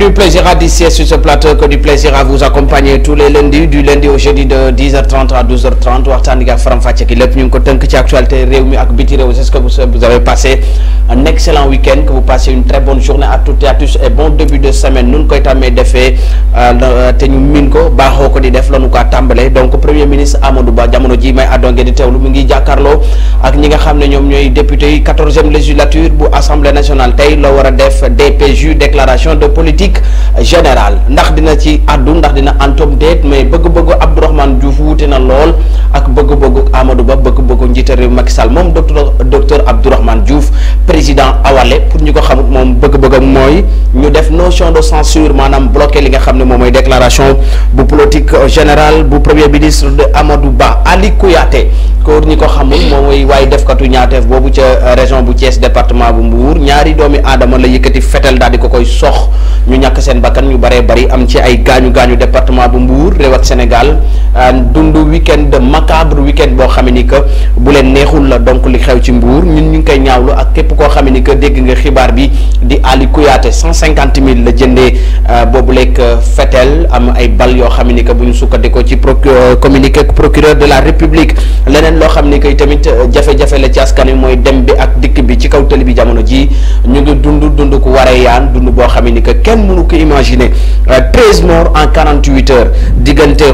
du plaisir à d'ici sur ce plateau que du plaisir à vous accompagner tous les lundis du lundi au jeudi de 10h30 à 12h30 actualité que vous avez passé un excellent week-end que vous passez une très bonne journée à toutes et à tous et bon début de semaine nous koy sommes defee euh, te ñu min ko donc premier ministre Amadou Ba jamono ji may addonge di teewlu mu ngi ak député 14e législature bu assemblée nationale tey def DPJ déclaration de politique politique générale ndax dina ci addu ndax dina antom deet mais bëgg bëgg Abdourahmane Diouf wuté na lool ak bëgg bëgg Amadou Ba bëgg bëgg njité rew Macky Sall mom docteur docteur Abdourahmane Diouf président Awalé pour ñu ko xamut moom bëgg-bëggam ñu def notion de censure manam bloquer li nga xamné mom moy déclaration bu politique générale bu premier ministre de Amadou Ba Ali Kouyaté ko ñi ko xamul moom way def katu ñaatef bobu ci euh, région bu Thiès département bu Mbour ñaari doomi adama la yëkëti fétal dal di ko koy sox ñu ñàkk seen bakkan ñu baree bari am ci ay gaañu gaañu département bu Mbour réew ak Sénégal euh, dund weekend macabre weekend boo xam ni que bu leen neexul la donc li xew ci Mbour ñun ñu ngi koy ñaawlu ak képp koo xam ni que dégg nga xibaar bi di Ali Kouyaté cent cinquante mille la jëndee euh, boobu lekk euh, fetel am ay bal yoo xam ni que bu ñu sukkandikoo ci pro communiqué procureur de la République leneen loo xam ni que tamit jafe-jafe la ci askan wi mooy dem bi ak dikk bi ci kaw tëli bi jamono ji ñu ngi dund kenn mënu ko imaginer prise euh, en 48 heures d'égalité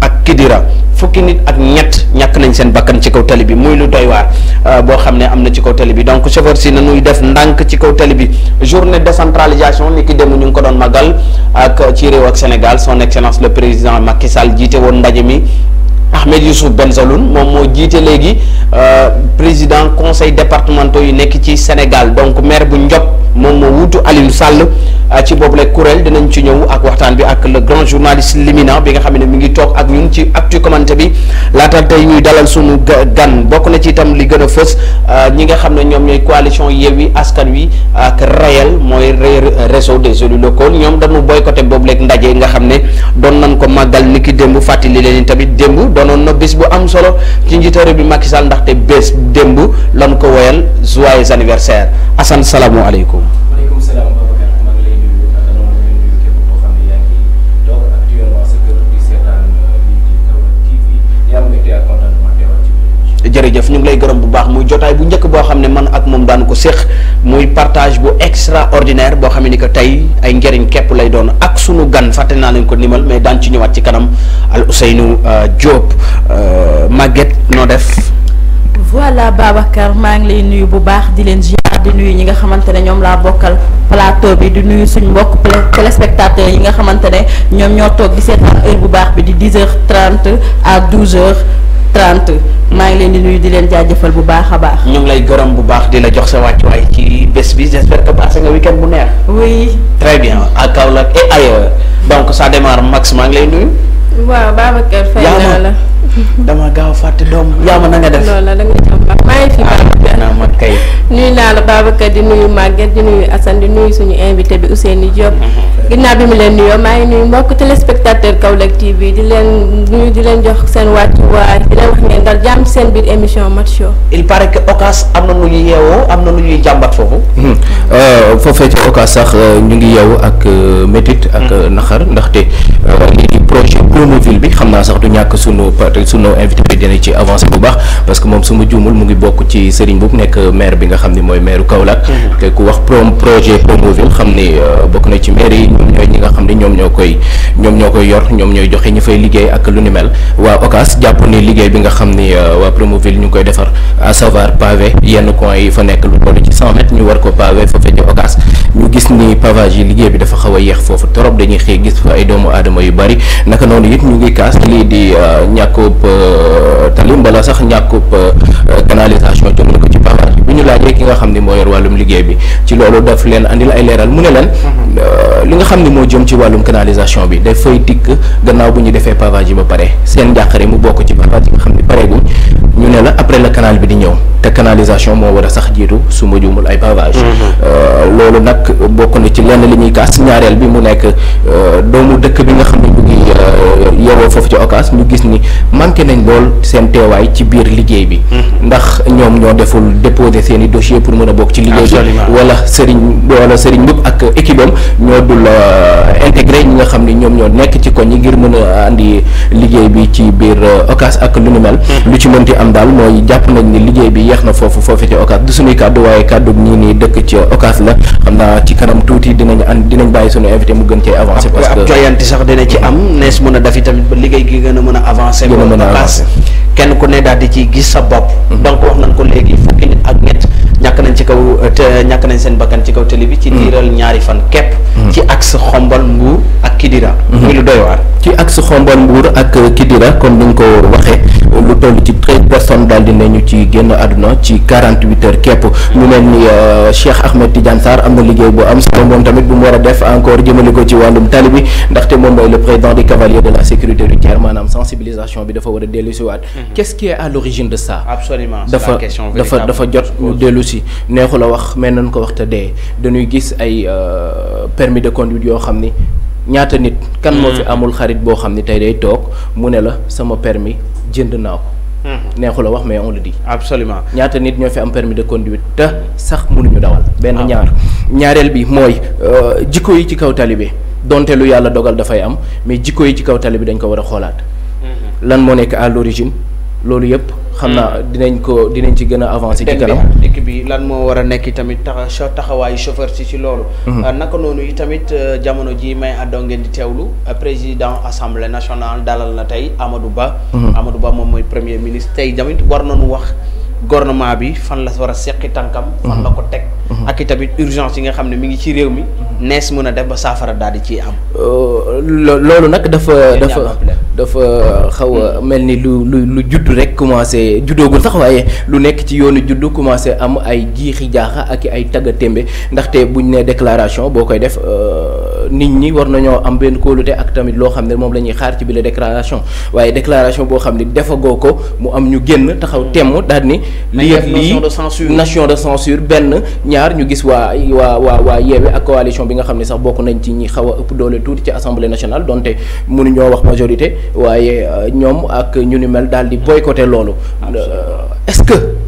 ak Kidira fukki ak ñett ñak nañ seen bakkan ci kaw bi lu doy euh, ci bi donc chauffeur si def journée de centralisation ki dem ñu ko Sénégal son excellence le président Macky Sall jité won Ahmed Youssouf Benzaloun moom moo légui euh, président conseil départemental yu nek ci Sénégal donc maire bu Ndiop mom mo wuutu Alioune Sall euh, ci bobu la kuréel dinañ ci ñëw ak waxtaan bi ak le grand journaliste Limina bi nga xamné mi ngi tok ak ñun ci actu commenté bi la tey ñuy dalal suñu gan bokku na ci tam li gëna a euh, ñi nga xamné ñom ñoom coalition yewi Askan Wi ak Rayel moy réseau des élus locaux ñom dañu boycotter bobu lek ndaje nga xamné don nañ ko magal niki dembu fàttali leen tamit dembu doonoon na bés bu am solo ci njiitaare bi Macky Sall ndaxte bés démb lan ko woyal joyeux anniversaire Assane salaamualeykum. waaleykum baax muy jotaay bu njëkk boo xam ne man ak moom daan ko séq muy partage bu ordinaire boo xam ne ni que tey ay njëriñ képp lay doon ak sunu gan fatte naa leen ko nimal mais daan ci ñëwaat ci kanam al Ousseynou euh, Diop euh, magget noo def. voilà Babacar maa ngi lay nuyu bu baax di leen ziar di nuyu ñi nga xamante ne ñoom laa bokkal plateau bi di nuyu suñ mbokk téléspectateurs yi nga xamante ne ñoom ñoo toog di seetaan heure bu baax bi di 10h30 à 30 maa ngi leen di nuyu di leen jaajëfal bu baax a baax. ñu ngi lay bu baax di la jox sa wàccuwaay ci bes bi j'espère que passé nga week-end bu neex. oui. très bien à Kaolack et ailleurs donc ça démarre Max maa ngi lay nuyu. waaw Babacar fay la dama gaw fatte dom yama na nga def. loolu la nga jàmm baax maa ngi fi ah, Babacar ah man kay. nuyu naa la Babacar di nuyu Maguette di nuyu Assane di nuyu suñu invité bi ousseyni Diop. Mm-hmm. ginnaw bi mu len nuyoo maa ngi nuyu mbok téléspectateur Kaolack TV di len nuyu di len jox sen seen wàccuwaay di len wax ngeen dal jam sen bir émission mat Show. il paraît que Ocas amna na lu ñuy yeewoo am na lu ñuy jàmbat foofu. Mm-hmm. Euh, foofee ci Ocas sax euh, ñu ngi yeewu ak euh, métit ak mm-hmm. naxar ndaxte lii di projet Promoville bi xamna sax du ñak suñu rek sunu invité bi dina ci avancer bu baax parce que mom sumu djumul mu ngi bok ci Serigne bop nek maire bi nga xamni moy mooy maire Kaolack mhm. te ku wax prom projet Promoville ville xamni euh, bok na ci maire yi ñoy ñi nga xamni ñom ñokoy ñom ñokoy yor ñom ñoy joxe ñi fay liggey ak lu ni mel wa occas japp ni liggey bi nga xamni wa euh, waa ville ñukoy defar a savoir pavé yenn coin yi fa nek lu bon ci 100 mètres ñu war ko pavé fa fekk Ocas ñu gis ni pavage yi liggéey bi dafa xawa yex fofu torop dañuy xey gis fa ay doomu adama yu bari naka noonu it ñu ngi kaas li di euh, ñako ñàkkub euh, tali mbala sax ñàkkub euh, canalisation jëmale ko ci pavage bi ñu laajee ki nga xam ni moo yor wàllum liggéey bi ci loolu daf leen andil ay leeral mu ne leen mhm. euh, li nga xam ni moo jëm ci wàllum canalisation bi dafay dikk gannaaw bu ñu defee pavage ba pare seen njàqare mu bokk ci pavage yi nga xam ni pareeguñ ñu ne la après la canal bi di ñëw te canalisation moo war a sax jiitu su ma juumul ay pavage mhm. loolu nag bokk na ci lenn li ñuy kaas ñaareel bi mu nekk doomu dëkk bi nga Euh, yowoo foofu ci occas mu gis ni manqué nañ lool seen teewaay ci biir liggéey bi mm-hmm. ndax ñoom ñoo deful déposer seen i dossier pour mën a bokk ci liggéey bi wala sëriñ wala sëriñ mbub ak équipe am ñoo dul euh, intégré ñi nga xam ni ñoom ñoo nekk ci koñ yi ngir mën a andi liggéey bi ci biir euh, occas ak lu ni mel mm-hmm. lu ci mënti am daal mooy jàpp nañ ni liggéey bi yeex na foofu foofu ci occas du suñuy kàddu waaye kàddu ñii nii dëkk ci occas la xam naa ci kanam tuuti dinañ an dinañ bàyyi suñu invité mu gën cee avancé parce que joyanti sax dina ci am nees mën a def tamit ba liggéey gi gën a mën a avancer. gën a mën a avancer kenn ku ne daal di ci gis sa bopp. Mm-hmm. donc wax nañ ko léegi fukki nit ak ñett. ñak nañ ci kaw euh, te ñàkk nañ seen bakkan ci kaw télé bi. ci mm. diiral ñaari fan képp. Mm. ci axe xombal nguur ak Kidira. ñu mm-hmm. lu doy waar. ci axe xombal nguur ak euh, Kidira comme ni ko waxé lu toll ci treize personnes dal di nañu ci génn aduna ci 48 heures képp ñu mel ni euh, Cheikh Ahmed Tidiane Sarr amna na bu am solo moom tamit bu mu war def encore jëmale ko ci walum talibi ndax té moom mooy le président des cavaliers de la sécurité routière manam sensibilisation bi dafa wara délu ci si waat. Mm-hmm. qu'est-ce qui est à l'origine de ça. absolument c'est la question véritable dafa dafa jot délu aussi neexu la wax mais nañ ko wax te dee dañuy gis ay euh, permis de conduite yoo xam ni ñaata nit. kan moo fi hmm. amul xarit boo xam ni tey day toog mu ne la sama permis jënd naa ko. Hmm. neexu la wax mais on le dit. absolument ñaata nit ñoo fi am permis de conduite te sax ñu dawal. benn ah. ñaar ñaareel bi mooy euh, jikko yi ci kaw tali bi donte lu yàlla dogal dafay am mais jikko yi ci kaw tali bi dañ ko war a xoolaat. Hmm. lan moo nekk à l'origine loolu yëpp. xam naa hmm. dinañ ko dinañ ci gën a avancé ci kanam dikk bi lan moo war a nekk tamit tax taxawaayu chauffeur si ci loolu hmm. euh, naka noonu yi tamit euh, jamono ji may àddoo ngeen di teewlu euh, président assemblée nationale dalal na tey Amadou Ba hmm. Amadou Ba moom mooy premier ministre tey tamit war na nañu wax gouvernement bi fan la war a seqi tànkam. fan la ko teg. Mhm. ak tamit urgence yi nga xam ne mu ngi ci réew mi. nees mën a def ba saafara daal di ciy am. Euh, loolu nag dafa dafa euh, xaw a mel ni lu lu lu judd rek commencé juddoogul sax waaye lu nekk ci yoonu juddu commencé am ay jiixi jaaxa ak ay tagga témbe ndaxte buñ ne déclaration boo koy def euh, nit ñi war nañoo am benn kóolute ak tamit loo xam ne moom la ñuy xaar ci bi la déclaration waaye déclaration boo xam ne defagoo ko mu am ñu génn taxaw temm daal ni. nation de censure ben ñaar ñu gis coalition bi nga sax nañ ci assemblée nationale majorité wayé euh, ñom ak boycotter euh, est-ce que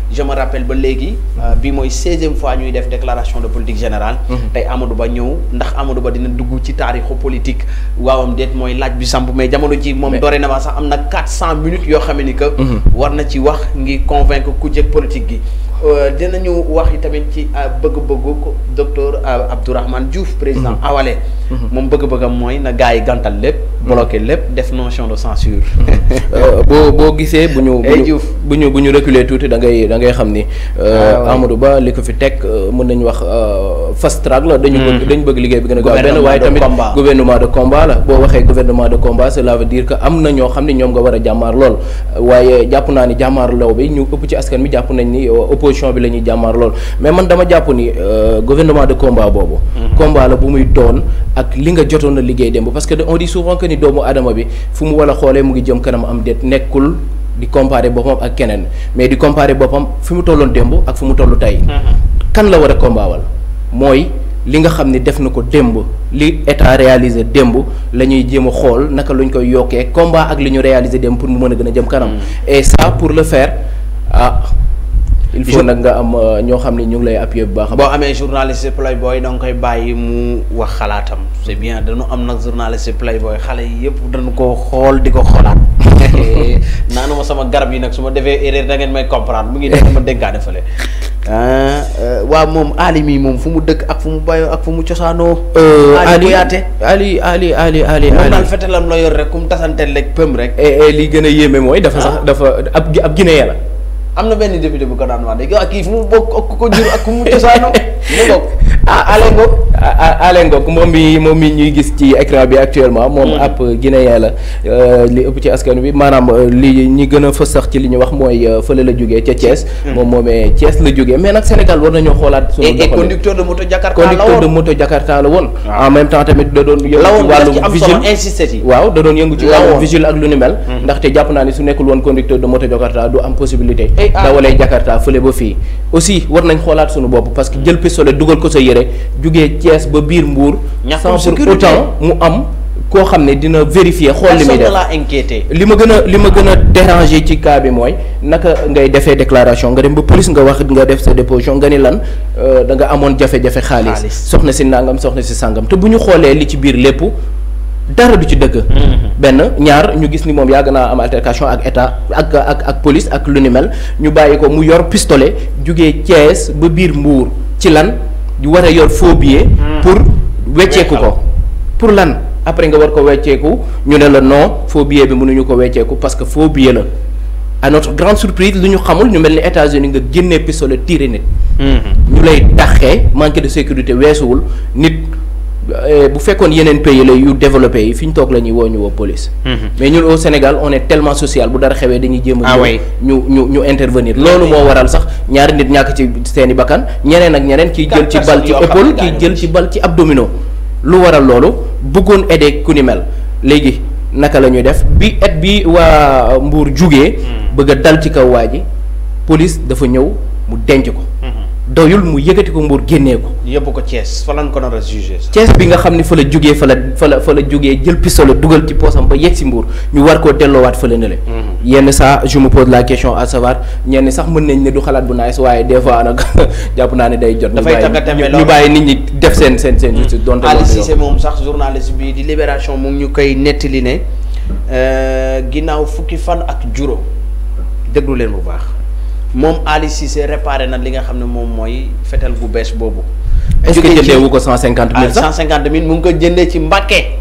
je me rappelle ba légui euh, bi moy 16e fois ñuy def déclaration de politique générale mhm. tay Amadou Ba ñew ndax Amadou Ba dina dugg ci taarixu politique waawam déet moy laaj bi samp mais jamono ci mom dorénavant na am na quatre cent minutes yo xamé ni que mhm. war na ci wax ngi convaincre ku jëkk politique gi euh, dinañu wax tamit ci euh, bëgg-bëggu docteur Abdourahmane Diouf président mhm. Awalé mom bëgg-bëggam moy na gaay gantal lepp bloqué lépp def notion de censure bo bo gissé buñu buñu bu reculer tuuti da ngay da ngay xamni euh ah Amadou Ba liko fi tek euh, mën nañ wax euh, fast track la dañu bëgg mm. dañu bëgg liggéey bi gëna a gaaw tamit gouvernement de combat la bo waxé gouvernement de combat cela veut dire que am na ñoo xamni ñom nga wara jamar lool waye jàpp naa ni jàmmaar law bi ñu ëpp ci askan mi jàpp nañ ni euh, opposition bi la jamar lool mais man dama jàpp ni gouvernement de combat bobu mm. combat la bu muy doon ak li nga jotona a liggéey démb parce que on dit souvent que ni doomu adama bi fu mu war xoolee mu ngi jëm kanam am déet nekkul di comparer boppam ak keneen mais di comparer boppam fi mu tolloon démb ak fu mu tollu tey. Mm-hmm. kan la war a kombaawal mooy li nga xam ne def na ko démb li état réaliser démb la ñuy jéem a xool naka luñ koy yokkee combat ak li ñu réaliser démb pour mu mën a gën a jëm kanam. Mm-hmm. et ça pour le fair ah. il faut nag nga am euh, ñoo xam ne ñu ngi lay appuyer bu baax boo amee journaliste playboy booy nga koy bàyyi mu wax xalaatam c'est bien dañu am nag journaliste playboy xale yi yëpp dañu ko xool di ko xolaat naanu ma sama garab yi nag su ma defee erreur da ngeen may comprendre mu ngi nekk ma dénkaa defale ah, euh, waaw moom Ali mi moom fu mu dëkk ak fu mu bayoo ak fu mu cosaanoo euh, Ali Kouyaté Ali Ali Ali Ali Ali daal fetalam la yor rek ku mu tasanteel rek pëm rek eh, eh, li gën a yéeme mooy dafa dafa ab ab Guinéen la am na benn député bu ko daan wax de yow ak kii fu mu bokk ak ku ko jur ak ku mu cosaanoo mu bokk. ah Alengo ah, ah, moom mi moom mi ñuy gis ci écran bi actuellement. moom mm-hmm. ab guinéen la euh, li ëpp ci askan wi maanaam euh, li ñi gën a fës ci li ñu wax mooy euh, fële la jógee ca Thiès. Mm-hmm. moom moomee Thiès la jógee mais nag Sénégal war nañoo xoolaat. suñu doxalin conducteur de moto Jakarta la woon conducteur de moto Jakarta la woon. Ah. en même temps tamit da doon yëngu ci wàllum vigile waaw da doon ak lu ni mel. Mm-hmm. ndaxte jàpp naa ni su nekkul woon conducteur de moto Jakarta du am possibilité. dawalee Jakarta fële ba fii aussi war nañ xoolaat suñu bopp parce que jël pistolet ko sa sénégalais jugee ba biir Mbour. sans pour autant mu am. koo xam ne dina vérifier xool li muy def li ma gën a li ma gën a déranger ci cas bi mooy naka ngay defee déclaration nga dem ba police nga wax nga def sa déposition nga ni lan euh, da nga amoon jafe-jafe xaalis soxna si nangam soxna si sàngam te bu ñu xoolee li ci biir lépp dara du ci dëkk mm-hmm. benn ñaar ñu gis ni moom yàgg naa am altercation ak état ak ak ak police ak lu ni mel ñu bàyyi ko mu yor pistolet jugee Thiès ba biir Mbuur ci lan war a yor faux hmm. pour wecceeku ko. pour lan après nga war ko wecceeku ñu ne la non faux billet bi mënuñu ko wecceeku parce que faux billet la à notre grande surprise lu ñu xamul ñu mel ni États-Unis nga génnee pistolet tiire nit. Hmm. ñu lay taxee manque de sécurité weesuwul nit. Eh, bu fekkoon yeneen pays la yu développé yi fi ñu toog la ñuy ñu woo police. Mhm. mais ñun au Sénégal on est tellement social bu dara xewee dañuy jéem a. Ah ñu ñu ñu intervenir. loolu moo waral sax ñaari nit ñàkk ci seeni bakkan ñeneen ak ñeneen. kiy jël ci bal ci épaule kiy jël ci bal ci abdominaux. lu waral loolu bëggoon aider ku ni mel léegi naka la ñuy def bi et bi waa Mbour jugee. Hmm. bëgg a dal ci kaw waa ji police dafa ñëw mu denc ko. Hmm. doyul mu yëkkati ko mbuur génnee ko. yóbbu ko Thiès fa lañ ko nar a jugé. Thiès bi nga xam ni fa la jógee fa la fa la fa la jógee jël pistolet dugal ci poosam ba yegg si mbuur ñu war koo delloowaat fa la nële. yenn saa je me pose la question à savoir ñenn sax mën nañ ne du xalaat bu naaj waaye des fois nag jàpp naa ne day jot. dafay tàggatamee ñu bàyyi nit ñi def seen seen seen. Mhm. justice donte loolu Aliou Cissé moom sax journaliste bi di Libération mu ñu koy nettali ne euh, ginnaaw fukki fan ak juróom déglu leen bu baax. moom Ali réparer na li nga xam ne moom mooy fetel bu bees boobu. est-ce que jëndee wu ko cent cinquante mille ah, cent cinquante mille mu ngi ko jëndee ci Mbàkke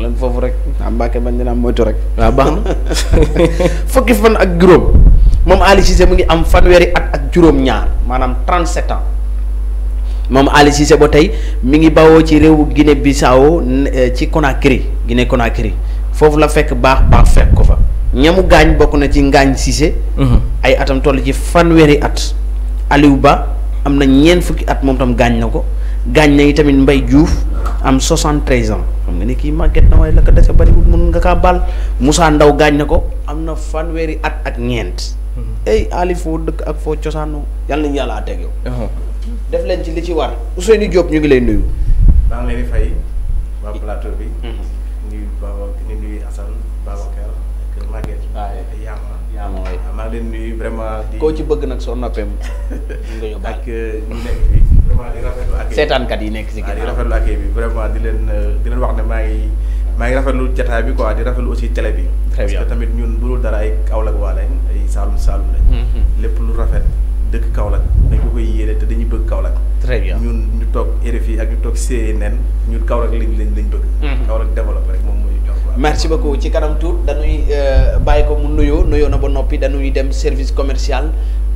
lan foofu rek ah Mbàkke man dina moytu rek waaw baax na fukki fan ak juróom moom Ali mu ngi am fanweeri at ak juróom-ñaar maanaam trente moom Ali Cissé ba tey mi ngi bawoo ci réewu Guinée Bissau euh, ci Conakry Guinée Conakry foofu la fekk baax baax fekk ko fa ñamu gaañ bokk na ci ngaañ Cissé. Mhm. ay atam toll ci fanweeri at Aliou Ba am na ñeent fukki at moom tam gaañ na ko gaañ na tamit Mbaye Diouf am 73 ans xam nga ni kii màgget na waaye la ko dese bariwul mën nga kaa baal Moussa Ndaw gaañ na ko am na fanweeri at ak ñeent. ay mhm. Ali foo dëkk ak foo cosaanoo yàlla nañu yàlla àtteeg yow. Uh-huh. def leen ci li ci war Ousseynou Diop ñu ngi lay nuyu. leen nuyu vraiment. di koo ci bëgg nag soo noppee mu nga yóbbaale. ak euh, ñu nekk fii vraiment di rafetlu ak. seetaankat yi nekk si ginnaaw di rafetlu ak bi vraiment di leen euh, di leen wax ne maa ngi maa ngi rafetlu jataay bi quoi di rafetlu aussi télé bi. très bien parce que tamit ñun bu dul dara ay Kaolack waa ay Saalum Saalum lañ. Mm-hmm. lépp lu rafet. dëkk Kaolack dañ ko koy yéene te dañuy bëgg Kaolack. très bien ñun ñu toog RFI ak ñu toog CNN ñun Kaolack lañ lañ bëgg. Mm-hmm. Kaolack développé rek merci beaucoup ci kanam tuut dañuy euh, bàyyi ko mu nuyo nuyo na ba noppi dañuy dem service commercial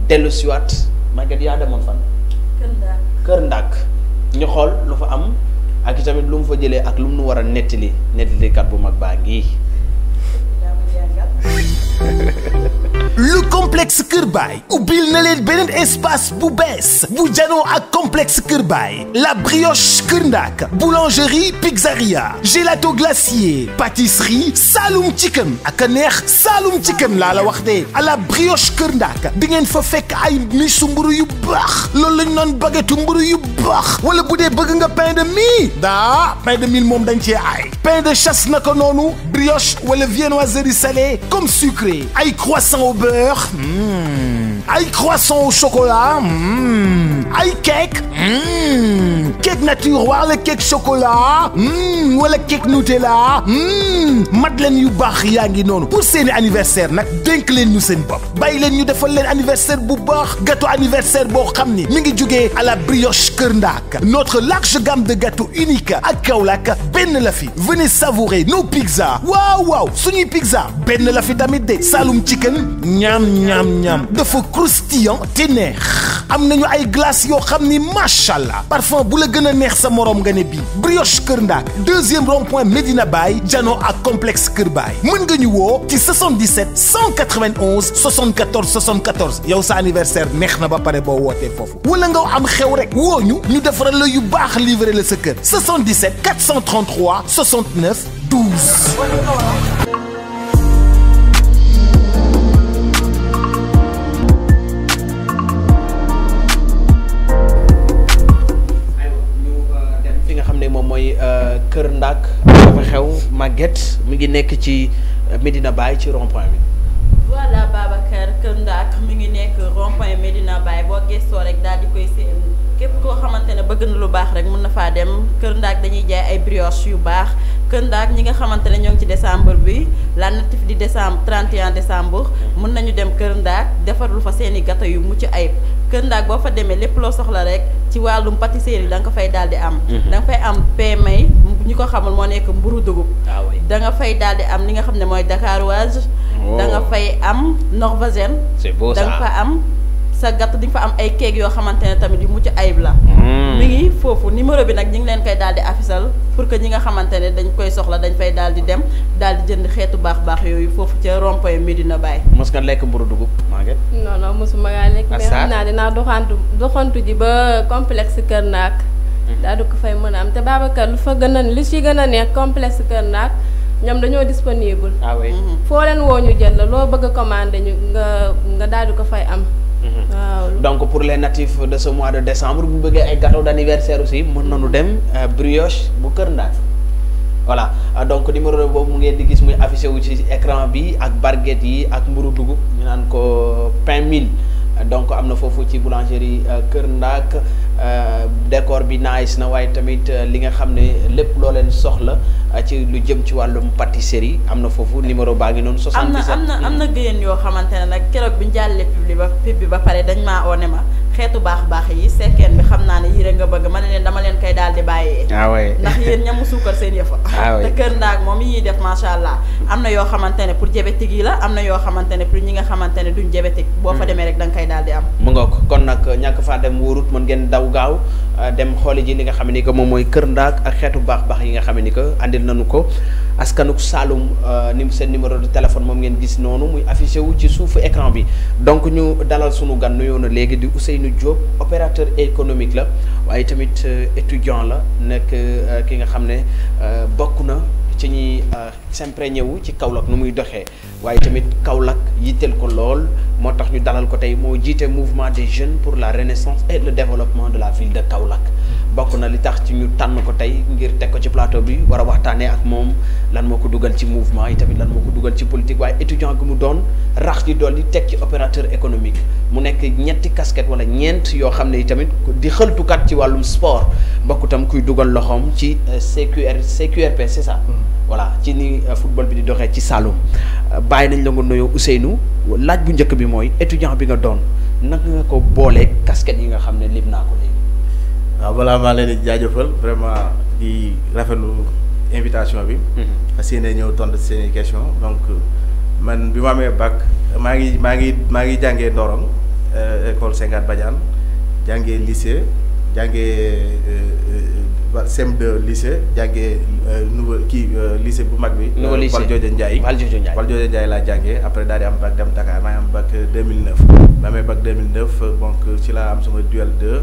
dellu siwaat Maguette yaa fan. keur ndak Kër ñu xol lu fa am ak tamit lu mu fa jele ak lu mu wara netti netti kat bu mag ngi. le complexe Kirby. Ou bien na leen beneen espace boubesse. Vous bu à complexe Kirby. la brioche Kurnak. boulangerie pizzeria gelato glacier pâtisserie Saloum Chicken ak a neex Saloum Chicken la la wax de à la brioche Kurnak. Ndaak di ngeen fa fekk ay misu yu loolu lañ baguette mburu yu baax wala boude pain de mie Da pain de mie moom dañ cee pain de chasse naka noonu brioche le viennoiserie salée comme sucré ay croissant beurre. Mmh. Aïe croissant au chocolat. Mmh. Aïe cake. Mmh. Cake nature, Le cake chocolat. Ou hmm. le cake Nutella. Hmm. Madeleine yu baax pour ce anniversaire nak denk leen ñu seen bopp. bay leen ñu defal leen anniversaire bu baax. gâteau anniversaire bo xamni mi ngi à la brioche Kër ndak notre large gamme de gâteaux unique ak Kaolack Ben la fi. venez savourer nos pizzas. Wow wow suñuy pizza Ben la fi tamit de. Saloum chicken ñam ñam ñam dafa croustillant te neex am ay glace yoo xam ni parfum bu la neex sa morom nga ne brioche Kër deuxième rond point Medina Bay. jano ak complexe Kër Baye mën nga ci 77 191 74 74 yow sa anniversaire neex na ba pare boo wootee foofu wala nga am xew rek woo ñu ñu defaral la yu 77 433 69 12. Kër Ndak dafa xew Maguette mi ngi nekk ci euh, Medina Baye ci rond bi. voilà Babacar Kër Ndak mu ngi nekk rond point Medina Baye boo gëstoo rek daal di koy seen képp koo xamante ne bëgg na lu baax rek mun na faa dem Kër Ndak dañuy jaay ay brioche yu baax. Kër Ndaak ñi nga xamante ne ñoo ngi ci décembre bi la natif di décembre 31 décembre mën nañu dem Kër Ndaak defar lu fa seen i gâteau yu mucc ayib Kër Ndaak boo fa demee lépp loo soxla rek ci wàllum pâtisserie da nga ko fay daal di am. Mhm. ñi ko xamul moo nekk mburu dugub. Ah da nga fay daal di am li nga xam ne mooy dakaroise. Oh. da nga fay am norvégienne. c'est beau ça da nga fa am. sa gàtt di fa am ay keeg yoo xamante ne tamit yu mucc ayib la. Hmm. mi ngi foofu numéro bi nag ñu ngi leen koy daal di afisal pour que ñi nga xamante ne dañ koy soxla dañ fay daal di dem daal di jënd xeetu baax baax yooyu foofu ca rond-point Medina Baye. mos nga lekk mburu dugub Maguette. non non mosuma ngaa lekk. Ah, mais naa dinaa doxantu doxantu ji ba complexe daa du ko fay meuna am te Babacar kan, lu fa gëna a lu si gën neex ya, complexe Kër kan nak ñom dañoo disponible. ah oui mhm. fo len wo ñu jël lo bëgg commander ñu nga nga daal ko fay am. Mhm. donc pour les natifs de ce mois de décembre bu bëggee ay gâteau d'anniversaire aussi mën nañu dem euh, brioche bu Kër nak voilà euh, donc numéro boobu mu ngeen di gis muy affiché wu ci écran bi ak barguette yi ak mburu dugub ñu naan ko 5000 euh, donc amna fofu ci boulangerie Kër nak Euh, décor bi nice na waaye tamit euh, li nga xam ne lépp loo leen soxla euh, ci lu jëm ci wàllum pâtisserie am na foofu numéro baa ngi noonu. 77 am na am na am na géyeen yoo xamante ne nag keroog bi ñu jàllee pub bi ba pub bi ba pare dañ maa oo ma. xeetu baax baax yi sekkeen bi xam naa ne yii rek nga bëgg ma ne leen dama leen koy daal di bàyyee ah ndax yéen ñamu suukar seen yëfa ah te kër ndaag moom yi ñuy def macha allah am na yoo xamante ne pour diabétique yi la am na yoo xamante ne pour ñi nga xamante ne duñ diabétique boo fa hmm. demee rek da nga koy daal di am mu nga ko kon nag ñàkk faa dem wóorut mën ngeen daw gaaw euh, dem xooli ji li nga xam ni que moom mooy kër ndaag ak xeetu baax baax yi nga xam ni ko andil nañu ko askanuk Saloum euh, ni seen numéro de téléphone moom ngeen gis noonu muy affiché wu ci Donc écran bi donc ñu dalal sunu gan nuyoo na léegi di Ousseynou Diop opérateur économique la waaye tamit euh, étudiant la nekk euh, ki nga xam ne bokk ci ñi s'imprégné wu ci Kaolack nu muy doxé waye tamit Kaolack yitel ko lool motax ñu dalal ko tay mo jité mouvement des jeunes pour la renaissance et le développement de la ville de Kaolack bokk na li tax ci ñu tànn ko tey ngir teg ko ci plateau bi war a waxtaanee ak moom lan moo ko dugal ci mouvement yi tamit lan moo ko dugal ci politique waaye étudiant gi mu doon rax ci dolli teg ci opérateur économique mu nekk ñetti kasket wala ñeent yoo xam ne yi tamit di xëltukat ci wàllum sport bokk itam kuy dugal loxoom ci euh, CQR CQRP c'est ça. Mm. voilà ci ni euh, football bi di doxee ci Saloum euh, bàyyi nañ la nga nuyoo Ousseynou laaj bu njëkk bi mooy étudiant bi nga doon naka ko boolee casquette yi nga xam ne lim naa ko waaw balaa maa leen vraiment di rafetlu invitation bi. Mhm. fas yéene ñëw tontu seen i question donc man bi ma bac ma ngi ma ngi ma ngi jàngee Ndorong euh, école Senghane Badiane jangé lycée euh CM2 lycée jàngee euh, euh, nouveau qui lycée bu mag bi. nouveau lycée Valdiodio Ndiaye. Valdiodio Ndiaye la jangé après daal di am bac dem Dakar ma am bac 2009. ba bac 2009 donc ci la am sama duel 2.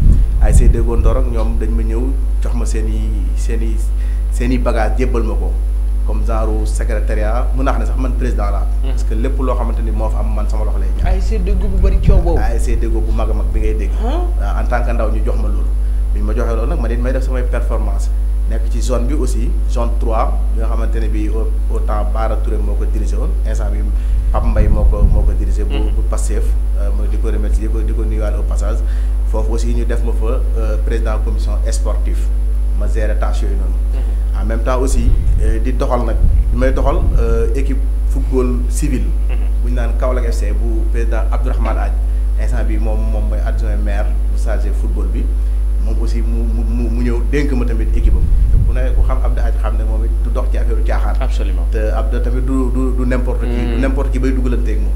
ay Déggoo Ndor ak ñoom dañ ma ñëw jox ma seen i seen i seen i bagage jébbal ma ko comme genre secrétariat mun naa xam ne sax man président la mm-hmm. parce que lépp loo xamante ni moo fa am man sama loxo lay ñaan. ASC Déggoo mag a bi ngay dégg. en tant que ndaw ñu jox ma loolu. bi ma joxee loolu nag man it may nekk ci zone bi aussi zone 3 nga xamante ne bii au au temps moo ko dirigé woon instant bi Pape mbay moo ko moo ko dirigé. bu mm-hmm. bu Pastef euh, mooy di ko remercier di ko passage. foofu aussi ñu def ma fa euh, président commission sportif ma gérer tâche mhm. en même temps aussi euh, di doxal nak may doxal euh, équipe football civil. Mhm. bu ñu Kaolack FC bu président Abdourahmane adj instant bi mom mom mooy adjoint maire bu chargé football bi mom aussi mu mu mu ñëw ma tamit équipe bu ne ko xam Abdou adj xam ne momit du dox ci affaire tiaxar absolument te Abdou tamit du du n'importe qui. Mm. n'importe qui bay dugalanteeg moom.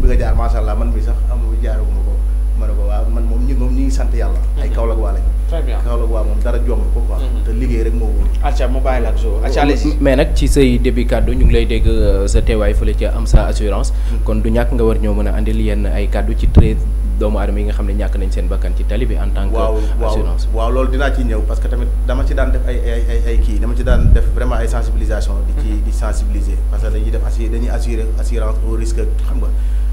bëgg a jaar man mi sax amul moom ñun moom sant yàlla. ay mhm. Kaolack waa lañ. très bien Kaolack ko quoi. Mhm. te liggéey rek moo wóor. acca mu bàyyi la ak soo mais nag ci say début kaddu ñu ngi lay dégg euh, sa teewaay fële ca am sa assurance. Mhm. kon du ñàkk nga war ñoo mën a andil yenn ay kaddu ci très doomu aadama yi nga xam ne ñàkk nañ seen bakkan ci tali bi en tant que. assurance waaw waaw loolu que tamit dama ci daan def ay ay ay daan def vraiment ay sensibilisation. di ci di sensibiliser parce que dañuy def assu dañuy assurer assurance au risque xam nga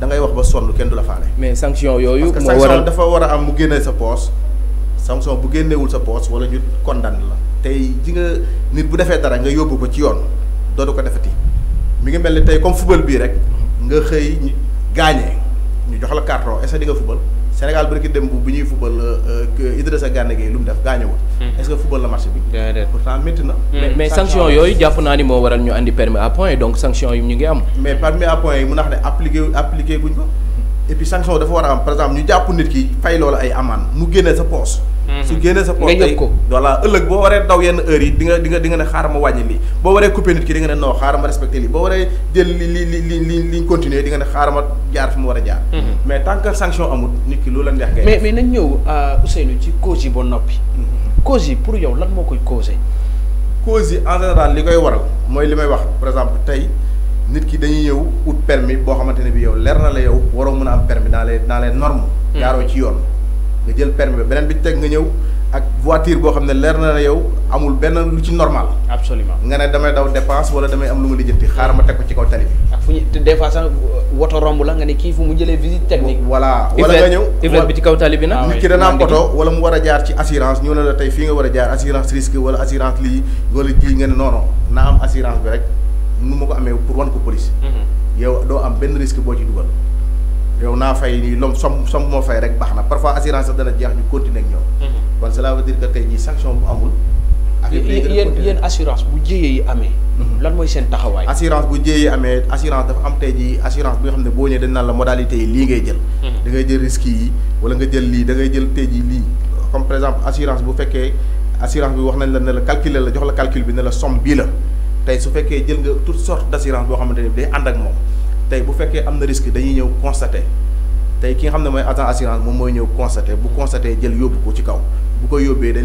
da ngay wax ba sonu kenn dula faalé mais sanction yoyu mo wara sanction dafa wara am mu guéné sa poste sanction bu génneewul sa poste wala ñu condamné la tay ji nga nit bu défé dara nga yobbu ko ci yoon do do ko défati mi ngi melni tay comme football bi rek nga xey gaañee ñu jox la carton est-ce di nga football. Sénégal bërki dem bu ñuy fubal euh, Idrissa Gana Gueye lu mu def gaañu hmm. est-ce que la marché bi. pourtant métti na. Hmm. mais mais sanction yooyu jàpp naa ni moo waral ñu andi permis à point donc sanction yi ñu ngi am. mais permis à point yi mun naa xam ne appliqué appliqué guñ et puis sanction dafa war a am par exemple ñu jàpp nit ki fay loolu ay amaan mu génne sa poos mhm. su génne sa poos nga ko voilà ëllëg boo waree daw yenn heures yi di nga di nga di nga ne xaaral ma wàññi lii boo waree couper nit ki di ne non xaaral ma respecté lii boo waree jël li li li li li liñ continuer di ne xaaral ma jaar fi mu war a jaar mhm. mais tant que sanction amul nit ki loolu la neex ngay mais mais nañ ñëw euh, Ousseynou ci cause yi ba noppi mhm. cause yi pour yow lan moo koy causé cause li koy waral mooy li may wax par exemple tey nit ki dañuy ñëw ut permis boo xamante ne bi yow leer na la yow waroo mën a am permis dans les dans les hmm. jaaroo ci yoon nga jël permis ba beneen bi teg nga ñëw ak voiture boo xam ne leer na la yow amul benn lu ci normal. absolument nga ne damay daw dépense wala damay am lu ma lijjanti xaaral ma teg ko ci kaw tali bi. ak fu te des woto romb la nga ne kii fu mu jëlee visite technique. voilà wala nga ñëw ivret bi ci kaw tali bi nag. Ah nit ki am oto wala mu war a jaar ci assurance ñu ne la tey fii nga war jaar assurance wala assurance lii wala ji nga assurance bi rek. nu ma ko amee pour wan ko police. Mhm. yow doo am benn risque boo ci dugal. yow naa fay nii lom som som moo fay rek baax na parfois assurance sax dana jeex ñu continuer ak ñoom. Mhm. kon cela veut tey jii sanction bu amul. affaire bi yéen yéen assurance bu jëyee amee. Mhm. lan mooy seen taxawaay. assurance bu jëyee yi amee assurance dafa am tey jii assurance bi nga xam ne boo ñëwee dañ naan la modalité yi lii ngay jël. da ngay jël risques yi wala nga jël lii da ngay jël tey jii lii comme par exemple bu fekkee assurance bi wax nañ la ne la la jox la calcul bi ne la somme la. tey su fekkee jël nga tout sorte d' assurance boo xamante ne day ànd ak moom tey bu fekkee am na risque dañuy ñëw constater tey ki nga xam ne mooy agent assurance moom mooy ñëw constater bu constater jël ko ci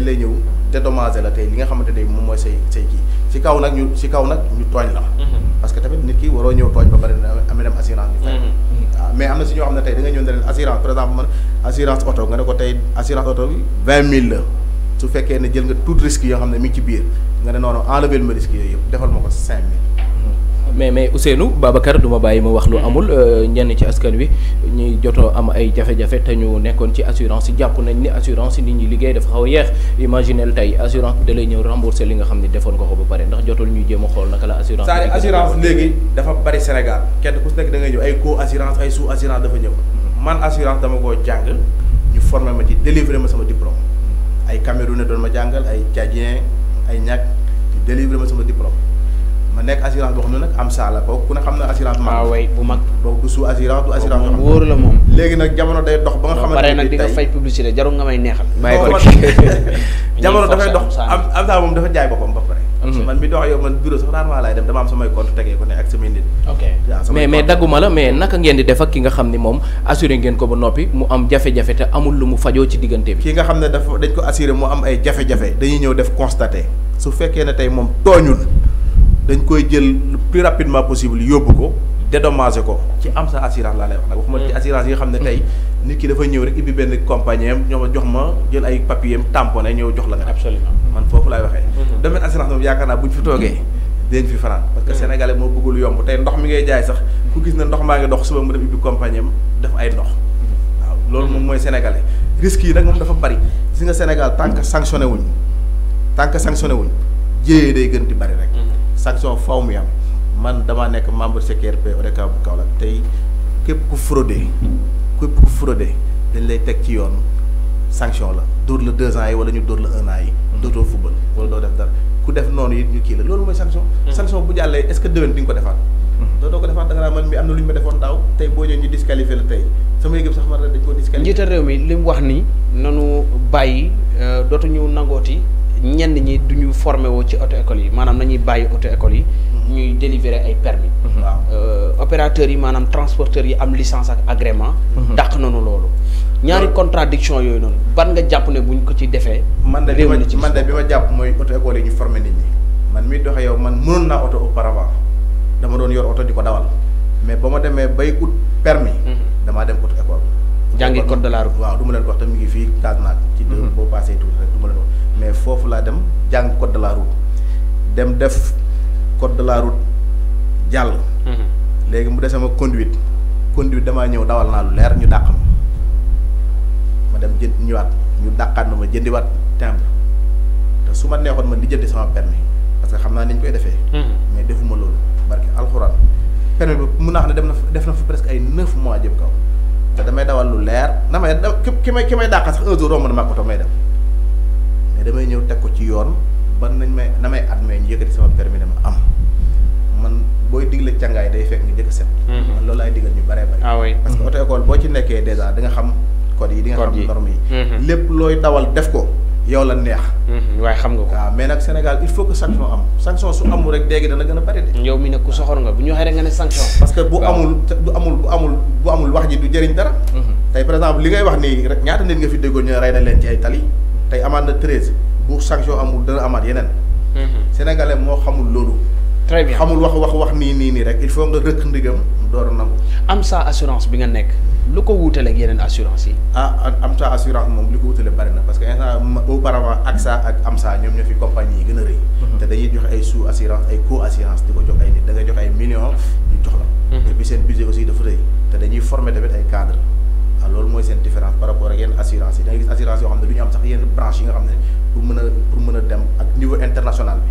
lay ñëw dédommager la tey li nga xamante ne moom mooy say say kii ci kaw nag ñu ci kaw nag ñu tooñ la. Mm-hmm. parce que tamit nit ki waroo ñëw tooñ ba pare am na dem assurance bi. Mm-hmm. waaw mais am na si ñoo xam ne tey da ñëw ne leen assurance par exemple man assurance oto nga ne ko tey assurance oto bi vingt mille la. su fekkee ne jël nga tout risque yoo xam ne mi ngi ci biir nga ne noonu enlever ma risque yooyu yëpp defal ma ko cinq hmm. mais mais Ousseynou Babacar du ma bàyyi ma wax lu hmm. amul euh, ñenn ci askan wi ñuy jotoo am ay jafe-jafe te ñu nekkoon ci assurance yi jàpp nañ ni assurance nit ñi liggéey dafa xaw a yeex imaginel tey assurance bi da lay ñëw rembourser li nga xam ni defoon nga ko ba pare ndax jotul ñuy jéem xool naka la assurance. saa assurance léegi dafa bari Sénégal kenn ku si nekk da ngay ñëw ay assurance ay sous assurance dafa ñëw hmm. man assurance dama koo jàng ñu formé ma ci délivré ma sama diplôme. ay Camerounais doon ma jàngal ay Tchadien ay ñàkk ñu délivré ma sama diplôme ma nekk assurance boo xam ne nag am saala la kooku ku ne xam na assurance. waaw waay bu mag. boobu ah du sous assurance du assurance. moom wóor la moom. léegi nag jamono day dox ba nga. xamante ne pare nag di nga fay publicité jarul nga may neexal. bàyyi ko jamono dafay dox am am saa moom dafa jaay boppam ba pare. Mhm. man mi dox yow man bureau sax rarement laay dem dama am samay compte tegee ko ne ak samay nit. ok mais mais dagguma la mais naka ngeen di def ak ki nga xam ni moom assuré ngeen ko ba noppi mu am jafe-jafe te amul lu mu fajoo ci diggante bi. ki nga xam ne dafa dañ ko assuré mu ay jafe dañuy ñëw def constaté su fekkee ne tey moom tooñul dañ koy jël le plus rapidement possible yóbbu ko. dédommagé ko ci am sa assurance laa lay wax nag waxuma ci mm. xam ne tey nit ki dafa ñëw rek ibbi benn compagnie am ñoo ma jox ma jël ay papier am tamponné ñëw jox la nga. absolument foofu laay waxee. Mhm. domaine assurance boobu yaakaar naa buñ fi toogee. dinañ fi fanaan parce que mhm. sénégalais moo bëggul yomb tey ndox mi ngay jaay sax ku gis na ndox maa ngi dox suba mu dem ubbi compagnie def ay ndox. waaw loolu moom mhm. mooy sénégalais risques yi nag moom dafa bari gis nga Sénégal tant que sanctionné wuñ tant que sanctionné wuñ jéyee day gën di bari rek. sanction faw mu am man damaa nekk membre CRP ODCAV bu Kaolack tey képp ku fraudé képp ku fraudé dañ lay teg ci yoon sanction la dóor la deux ans wala ñu dóor la un yi. dootoo football wala doo def dara ku def noonu it ñu kii la loolu mooy sanction. Hmm. sanction bu jàllee est-ce que déwén di ko defaat. Hmm. dootoo ko defaat da nga man mi am na lu ñu ma defoon daaw tey boo ñëwee ñu disqualifié la tey sama yëgëb sax ma la dañ ko disqualifié. njiital réew mi li mu wax ni nanu bàyyi euh, dootuñu nangooti ñenn ñi duñu formé woo ci auto école yi maanaam nañuy bàyyi auto école yi. Hmm. ñuy délivrer ay permis waaw euh, opérateurs yi maanaam transporteurs yi am licence ak agrément. dàq nanu loolu. ñaari contradiction yoy non ban nga japp ne buñ ko ci défé man de bi ma man de bima japp moy auto école yi ñu formé nit ñi man mi doxé yow man mënon na auto auparavant dama doon yor auto di dawal mais bama démé bay out permis mhm. dama dem auto école. jàngi code de la route waaw duma ma leen wax tam mi ngi fi kadna ci deux mhm. bo passé tout rek duma leen wax mais fofu la dem jang code de la route dem def code de la route jàll. Mhm. légui mu dese ma conduite conduite dama ñëw dawal na lu lèr ñu dakk dem jënd ñëwaat ñu dàqaat ma ma jëndiwaat te su ma neexoon man di jëndi sama permis parce que xam naa ni ñu koy defee. Hmm. mais defuma loolu barke alxuraan. permis bi mun naa na def na fa presque ay neuf mois jëm kaw te damay lu leer damay da ki may ki may dàqa sax un jour romb na ma ko may dem mais damay ñëw teg ko ci yoon ban nañ may damay admé ñu yëkkati sama permis dama am. man booy digle càngaay day fekk nga jëkk set. Hmm. man loolu laay digal ñu bare bare. Ah parce que hmm. auto école boo ci nekkee dèjà da nga xam code yi di nga xam norme yi mm-hmm. lépp looy dawal def ko yow la neex mm-hmm. waaye xam nga ko waaw mais nag Sénégal il faut que sanction am sanction su amul rek dégg dana a bëri de yow mi ne ku soxor nga bu ñu waxee rek que bu amul bu amul amul bu amul wax ji du jëriñ dara mm-hmm. tey par li ngay wax nii rek ñaata nit fi déggoon ñu rey na leen ci ay tali tey amande treize bu sanction amul dana amaat yeneen sénégalais moo xamul loolu très bien xamul wax wax wax nii nii nii rek il faut nga rëkk ndigam door nangu am sa assurance bi nga nekk lu ko wuutale ak yeneen assurance yi. ah AMSA assurance moom li ko wuutale bari na parce que instant auparavant AXA ak AMSA ñoom ñoo fi compagnie yi gën a rëy. Mhm. te dañuy jox ay sous assurance ay co assurance di ko jox ay nit da ngay jox ay millions ñu jox la. Mhm. et puis seen budget aussi dafa rëy te dañuy former tamit ay cadres. waaw ah, loolu mooy seen différence par rapport ak yenn assurance yi da ngay gis assurance yoo xam ne du ñu am sax yenn branche yi nga xam ne pour mën a pour mën a dem ak bi.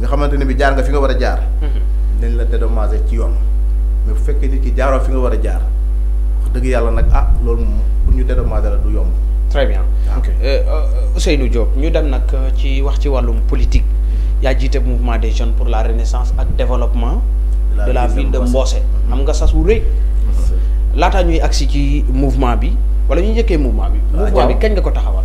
nga xamante bi jaar nga fi nga war a jaar. Mhm. dañ la dédommagé ci yoon. mais bu fekkee nit ki jaaroo fi nga war a jaar wax dëgg yàlla nag ah loolu moom pour ñu dédommagé la du yomb. très bien ok euh, euh, Ousseynou Diop ñu dem nag euh, ci wax ci wàllum politique yaa jiite mouvement des jeunes pour la renaissance ak développement. de la ville de Mbossé am nga sas wu rëy. laata ñuy agsi ci mouvement bi wala ñu njëkkee mouvement bi. mouvement bi kañ nga ko taxawal.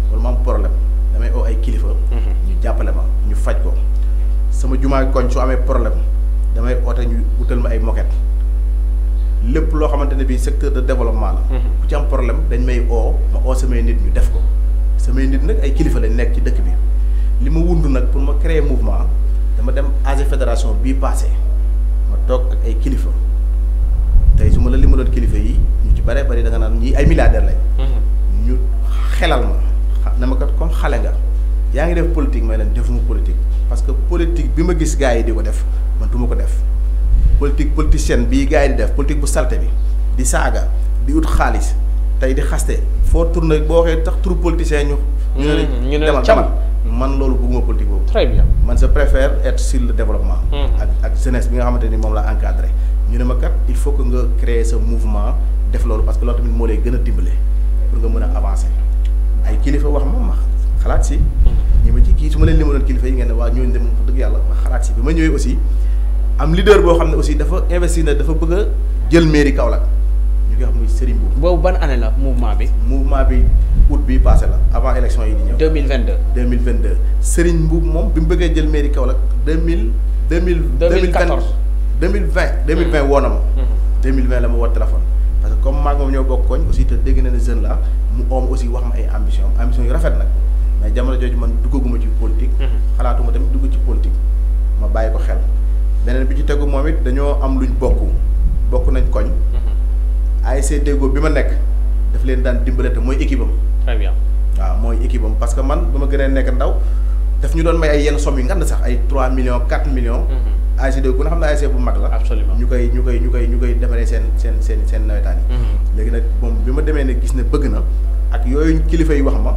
wala ma am damay oo ay kilifa. Mhm. ñu jàppale ma ñu faj ko sama jumaa koñ su amee problème damay oote ñu wutal ma ay moquette lépp loo xamante ne bii secteur de développement la. Mhm. ku ci am problème dañ may oo ma oo samay nit ñu def ko samay nit nag ay kilifa lañ nekk ci dëkk bi li ma wund nag pour ma créer mouvement dama dem AG fédération bii passé ma toog ak ay kilifa tey su ma la limaloon kilifa yi ñu ci bare bari da nga naan ñii ay milliardaires lañ. Mhm. ñu ne ma kat kon xalé nga yaa def politique may leen defuma politique parce que politique bima gis gaay di ko def man duma ko def politique politisian bi gaay di def politique bu salté bi di saga di ut khalis tay di xasté fo tourner bo xé tax tur politicien ñu. ñu ne mm-hmm. demal man man bu nga politique bobu très bien man je préfère être sur le développement. Mm-hmm. ak ak jeunesse bi nga xamanteni mom la encadrer ñu ne ma kat il faut que nga créer ce mouvement def lolu parce que lolu tamit mo lay gëna dimbalé pour nga mëna avancer. ay kilifa wax ma ma xalaat si. Mhm. ñi ma ci kii su ma leen limaloon kilifa yi ngeen ne waa ñooñu dem wax dëgg yàlla ma xalaat si bi ma ñëwee aussi am leader boo xam ne aussi dafa investir dafa bëgg jël mairie Kaolack ñu koy wax muy Serigne Mboup. boobu ban année la mouvement bi. mouvement bi août bi passé la avant élection yi di ñëw. deux mille vingt deux. deux mille vingt deux Serigne Mboup moom bi mu bëggee jël mairie Kaolack deux mille. deux mille deux mille vingt. deux mille vingt mhm. woo na mhm. deux mille vingt la ma comme maag moom ñoo bokk koñ aussi te dégg na ne jeune la mu oom aussi wax ma ay ambition ambition yu rafet nag mais jamono jooju man duggaguma ci politique mhm. xalaatuma tamit dugg ci politique ma bàyyi ko xel beneen bi ci tegu moom it dañoo am luñ bokk bokk nañ koñ mhm. ASC Déggoo bi ma nekk daf leen daan dimbale te mooy équipe am très bien waaw mooy équipe parce que man ba ma gënee nekk ndaw daf ñu doon may ay yenn somme yu sax ay trois millions quatre millions mhm. ASC ku ne xam ne ASC bu mag la. ñu koy ñu koy ñu koy ñu koy defaree seen seen seen seen nawetaan yi. Mhm. léegi nag moom bi ma demee ne gis ne bëgg na ak yooyu kilifa yi wax ma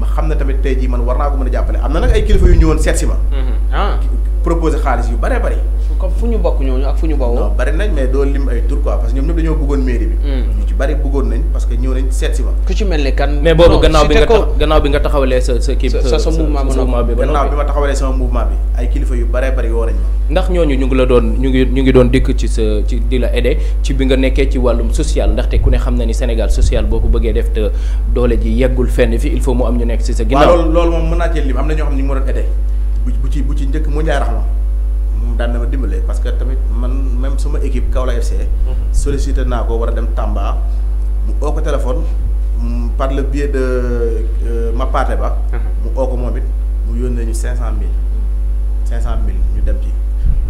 ma xam ne tamit tey jii man war naa ko mën a jàppale am na nag ay kilifa yu ñëwoon seet si ma. Mhm. Ah. proposé xaalis yu bare bari. comme fu ñu bokk ñooñu ak fu ñu bawoo. non bari nañ mais doo lim ay tur quoi parce que ñoom ñëpp dañoo bëggoon hmm. ñu ci nga gannaaw bi nga taxawalee sa sa kii. sa sa mouvement ñooñu ñu ngi la doon ñu ngi ñu ngi doon dikk ci sa ci di la aider ci bi nga nekkee ci wàllum social ndaxte ku ne xam na ni Sénégal social boo ko bëggee def te doole ji yeggul fenn fii il faut mu am ñu nekk ci sa ginnaaw loolu loolu moom mën naa ci lim am na ñoo xam ne ma doon aider bu ci bu ci njëkk mu njaay raxma moom daan na ma dimbalee parce que tamit man même sama équipe Kaolack FC. Mhm. sollicité naa ko war a dem Tamba mu oo ko téléphone par le biais de euh, Mapaate Ba. Mhm. mu oo ko moom it mu yónnee ñu cinq cent mille. cinq cent mille ñu dem ci.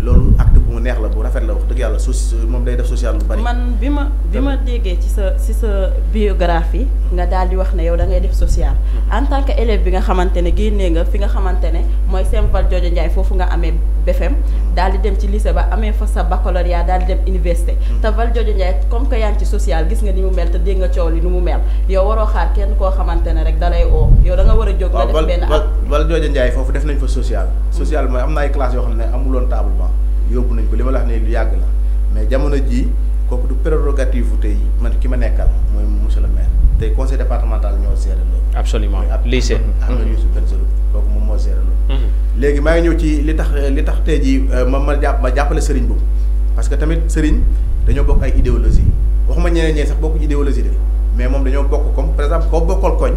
lolu acte bu neex la bu rafet la wax deug yalla su mom day def social bu bari. man bima bima bi ci sa ci sa biographie nga dal di wax ne yow da ngay def social hmm. en tant que élève bi nga xamantene guéné nga fi nga xamantene moy Saint-Val Valdiodio Ndiaye fofu nga amé BFM dal di dem ci lycée ba amé fa sa baccalauréat dal di dem université hmm. ta Val Valdiodio Ndiaye comme que yaa ngi ci social gis nga ni mu mel te dégg nga ciow li nu mu mel yow waro xaar kenn ko xamantene rek dalay o yow da nga wara a jóg nga def ben Val Valdiodio Ndiaye fofu def nañ fa social hmm. social moy amna ay classe yo xamné ne table ba yóbbu nañ ko li ma la wax ne lu yàgg la mais jamono jii kooku du prérogative bu tey man ki ma nekkal mooy monsieur le maire tey conseil départemental ñoo gérer loolu. absolument lycée am mm-hmm. na Youssouf Ben Zeloum kooku moom moo gérer loolu. Mm-hmm. léegi maa ngi ñëw ci li tax li tax tey jii euh, ma ma jàpp ma jàppale sëriñ boobu parce que tamit sëriñ dañoo bokk ay idéologie waxuma ñeneen ñee sax bokkuñ idéologie de mais moom dañoo bokk comme par exemple koo bokkal koñ.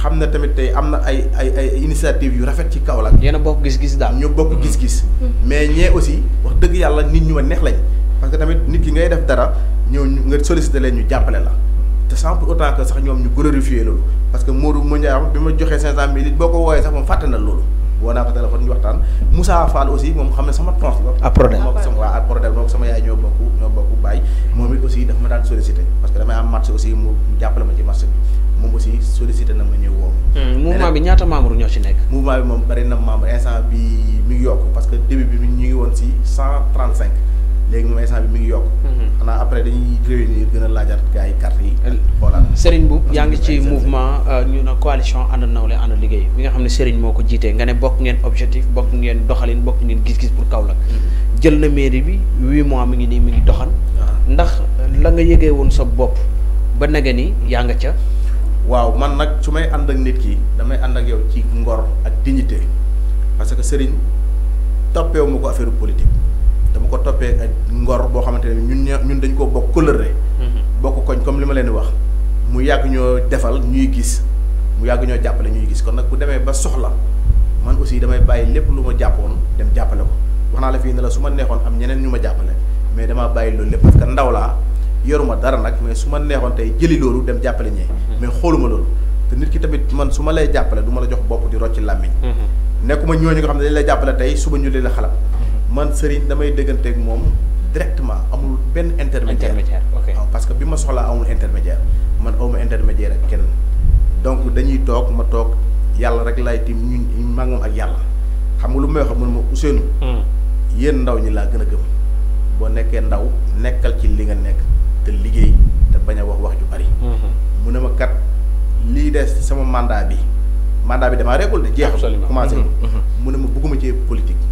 xam na tamit tey am na ay ay ay initiative yu rafet ci Kaolack. yéen a bokk gis-gis daal. ñu bokk mm-hmm. gis-gis. Mm-hmm. mais ñee aussi wax dëgg yàlla nit ñu ma neex lañ parce que tamit nit ki ngay def dara ñëw ñu nga sollicité leen ñu jàppale la te sans pour autant que sax ñoom ñu glorifier loolu parce que Modou Moussa bi ma joxee 500000 it boo ko wooyee sax moom fàtte na loolu. woo naa ko téléphone ñu waxtaan Moussa Fall aussi moom xam ne sama tontu la. approdel moo ko sama yaay ñoo bokk ñoo bokk bàyyi moom it aussi daf ma daan sollicité parce que damay am match aussi mu jàppale ma ci match bi moom aussi sollicité na ma ñëw woo. Hmm, membre ñoo ci nekk. mouvement bi moom bari na membre instant bi mi yokk parce que début bi ñu ngi woon si cent trente cinq. léegi moom instant mu mi ngi yokk mhm. xanaa après dañuy gën a laajaat gars yi carte yi xoolaat Serigne yaa ngi ci mouvement euh, ñu na coalition ànd nawle ànd liggéey bi nga xam ne Serigne moo ko jiitee nga ne bokk ngeen objectif bokk ngeen doxalin bokk ngeen gis-gis pour Kaolack mhm. jël na mairie bi huit mois mi ngi nii mi ngi doxal ndax euh, la nga yëgee woon sa bopp ba nage ni yaa nga ca waaw man nag su may ànd ak nit ki damay ànd ak yow ci ngor ak dignité parce que sëriñ toppeewu ma ko affaire politique dama ko toppee ak ngor boo xamante ne ñun ñun dañ koo bokk coloré mm-hmm. bokk koñ comme li ma leen wax mu yàgg ñoo defal ñuy gis mu yàgg ñoo jàppale ñuy gis kon nag bu demee ba soxla man aussi damay bàyyi lépp lu ma jàppoon dem jàppale ko wax naa la fii ne la su ma neexoon am ñeneen ñu ma jàppale mais damaa bàyyi loolu lépp parce que ndaw laa yoruma dara nag mais su ma neexoon tey jëli loolu dem jàppale ñee mm-hmm. mais xooluma loolu te nit ki tamit man su ma lay jàppale du ma la jox bopp di rocc làmmiñ mm-hmm. nekkuma ñooñu nga xam ne dañ jàppale tey suba ñu leen la xalaat man Serigne damay deugante ak mom directement amul ben intermédiaire intermédiaire ok ah, parce que bima ma amul intermédiaire man awma intermédiaire ak ken donc dañuy tok ma tok yalla rek lay tim ñun maa moom ak yalla xam nga lu may wax mun ousenu hmm. yeen ndaw ñi la gëna a gëm bo nekké ndaw nekkal ci li nga nekk te liggéey te baña a wax wax ju bari hmm. mu ne ma kat li dess sama mandat bi mandat bi dama régul de jeexul commencé hmm. mu ne ma bëgguma ci politique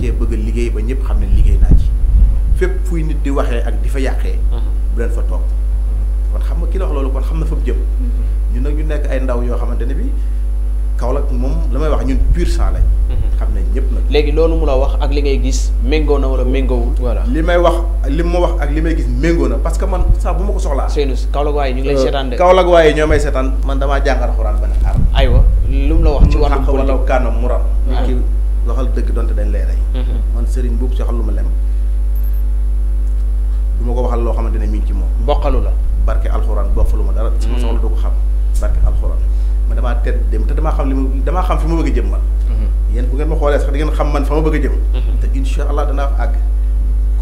ci bëgg liggéey ba ñëpp xamné liggéey na ci fep fuy nit di waxé ak di fa yaqé mhm. bu len fa top kon xam nga ki la wax lolu kon xam na fa jëm mhm. ñu nak ñu nekk ay ndaw yo xamante bi Kaolack moom la may wax ñun pur sang lañ mhm. xam ne ñëpp nak légui lolu mu la wax ak li ngay gis mengo na wala mengo méngoowul voilà limay wax lim mo wax ak limay gis mengo na parce que man sa bu mako soxla soxlaa Seynou Kaolack waaye ñu ngi lay euh, seetaan de Kaolack way ñoo may seetaan man dama jàng alxuraan ba ne aywa lu mu la wax ci wala kanam muram waxal dëgg donte dañ lay rey. Mhm. man sëriñ boobu si ma lem du ma ko waxal loo xamante ne mi ngi ci moom. bokkalu la barke alxuraan ma dara. Mhm. sama soxla du ko xam barke alxuraan ma damaa tedd dem te damaa xam li mu damaa xam fi mu bëgg a jëm man. Mhm. yéen bu ngeen ma xoolee sax di ngeen xam man fa ma bëgg a jëm. te incha allah danaa fa àgg.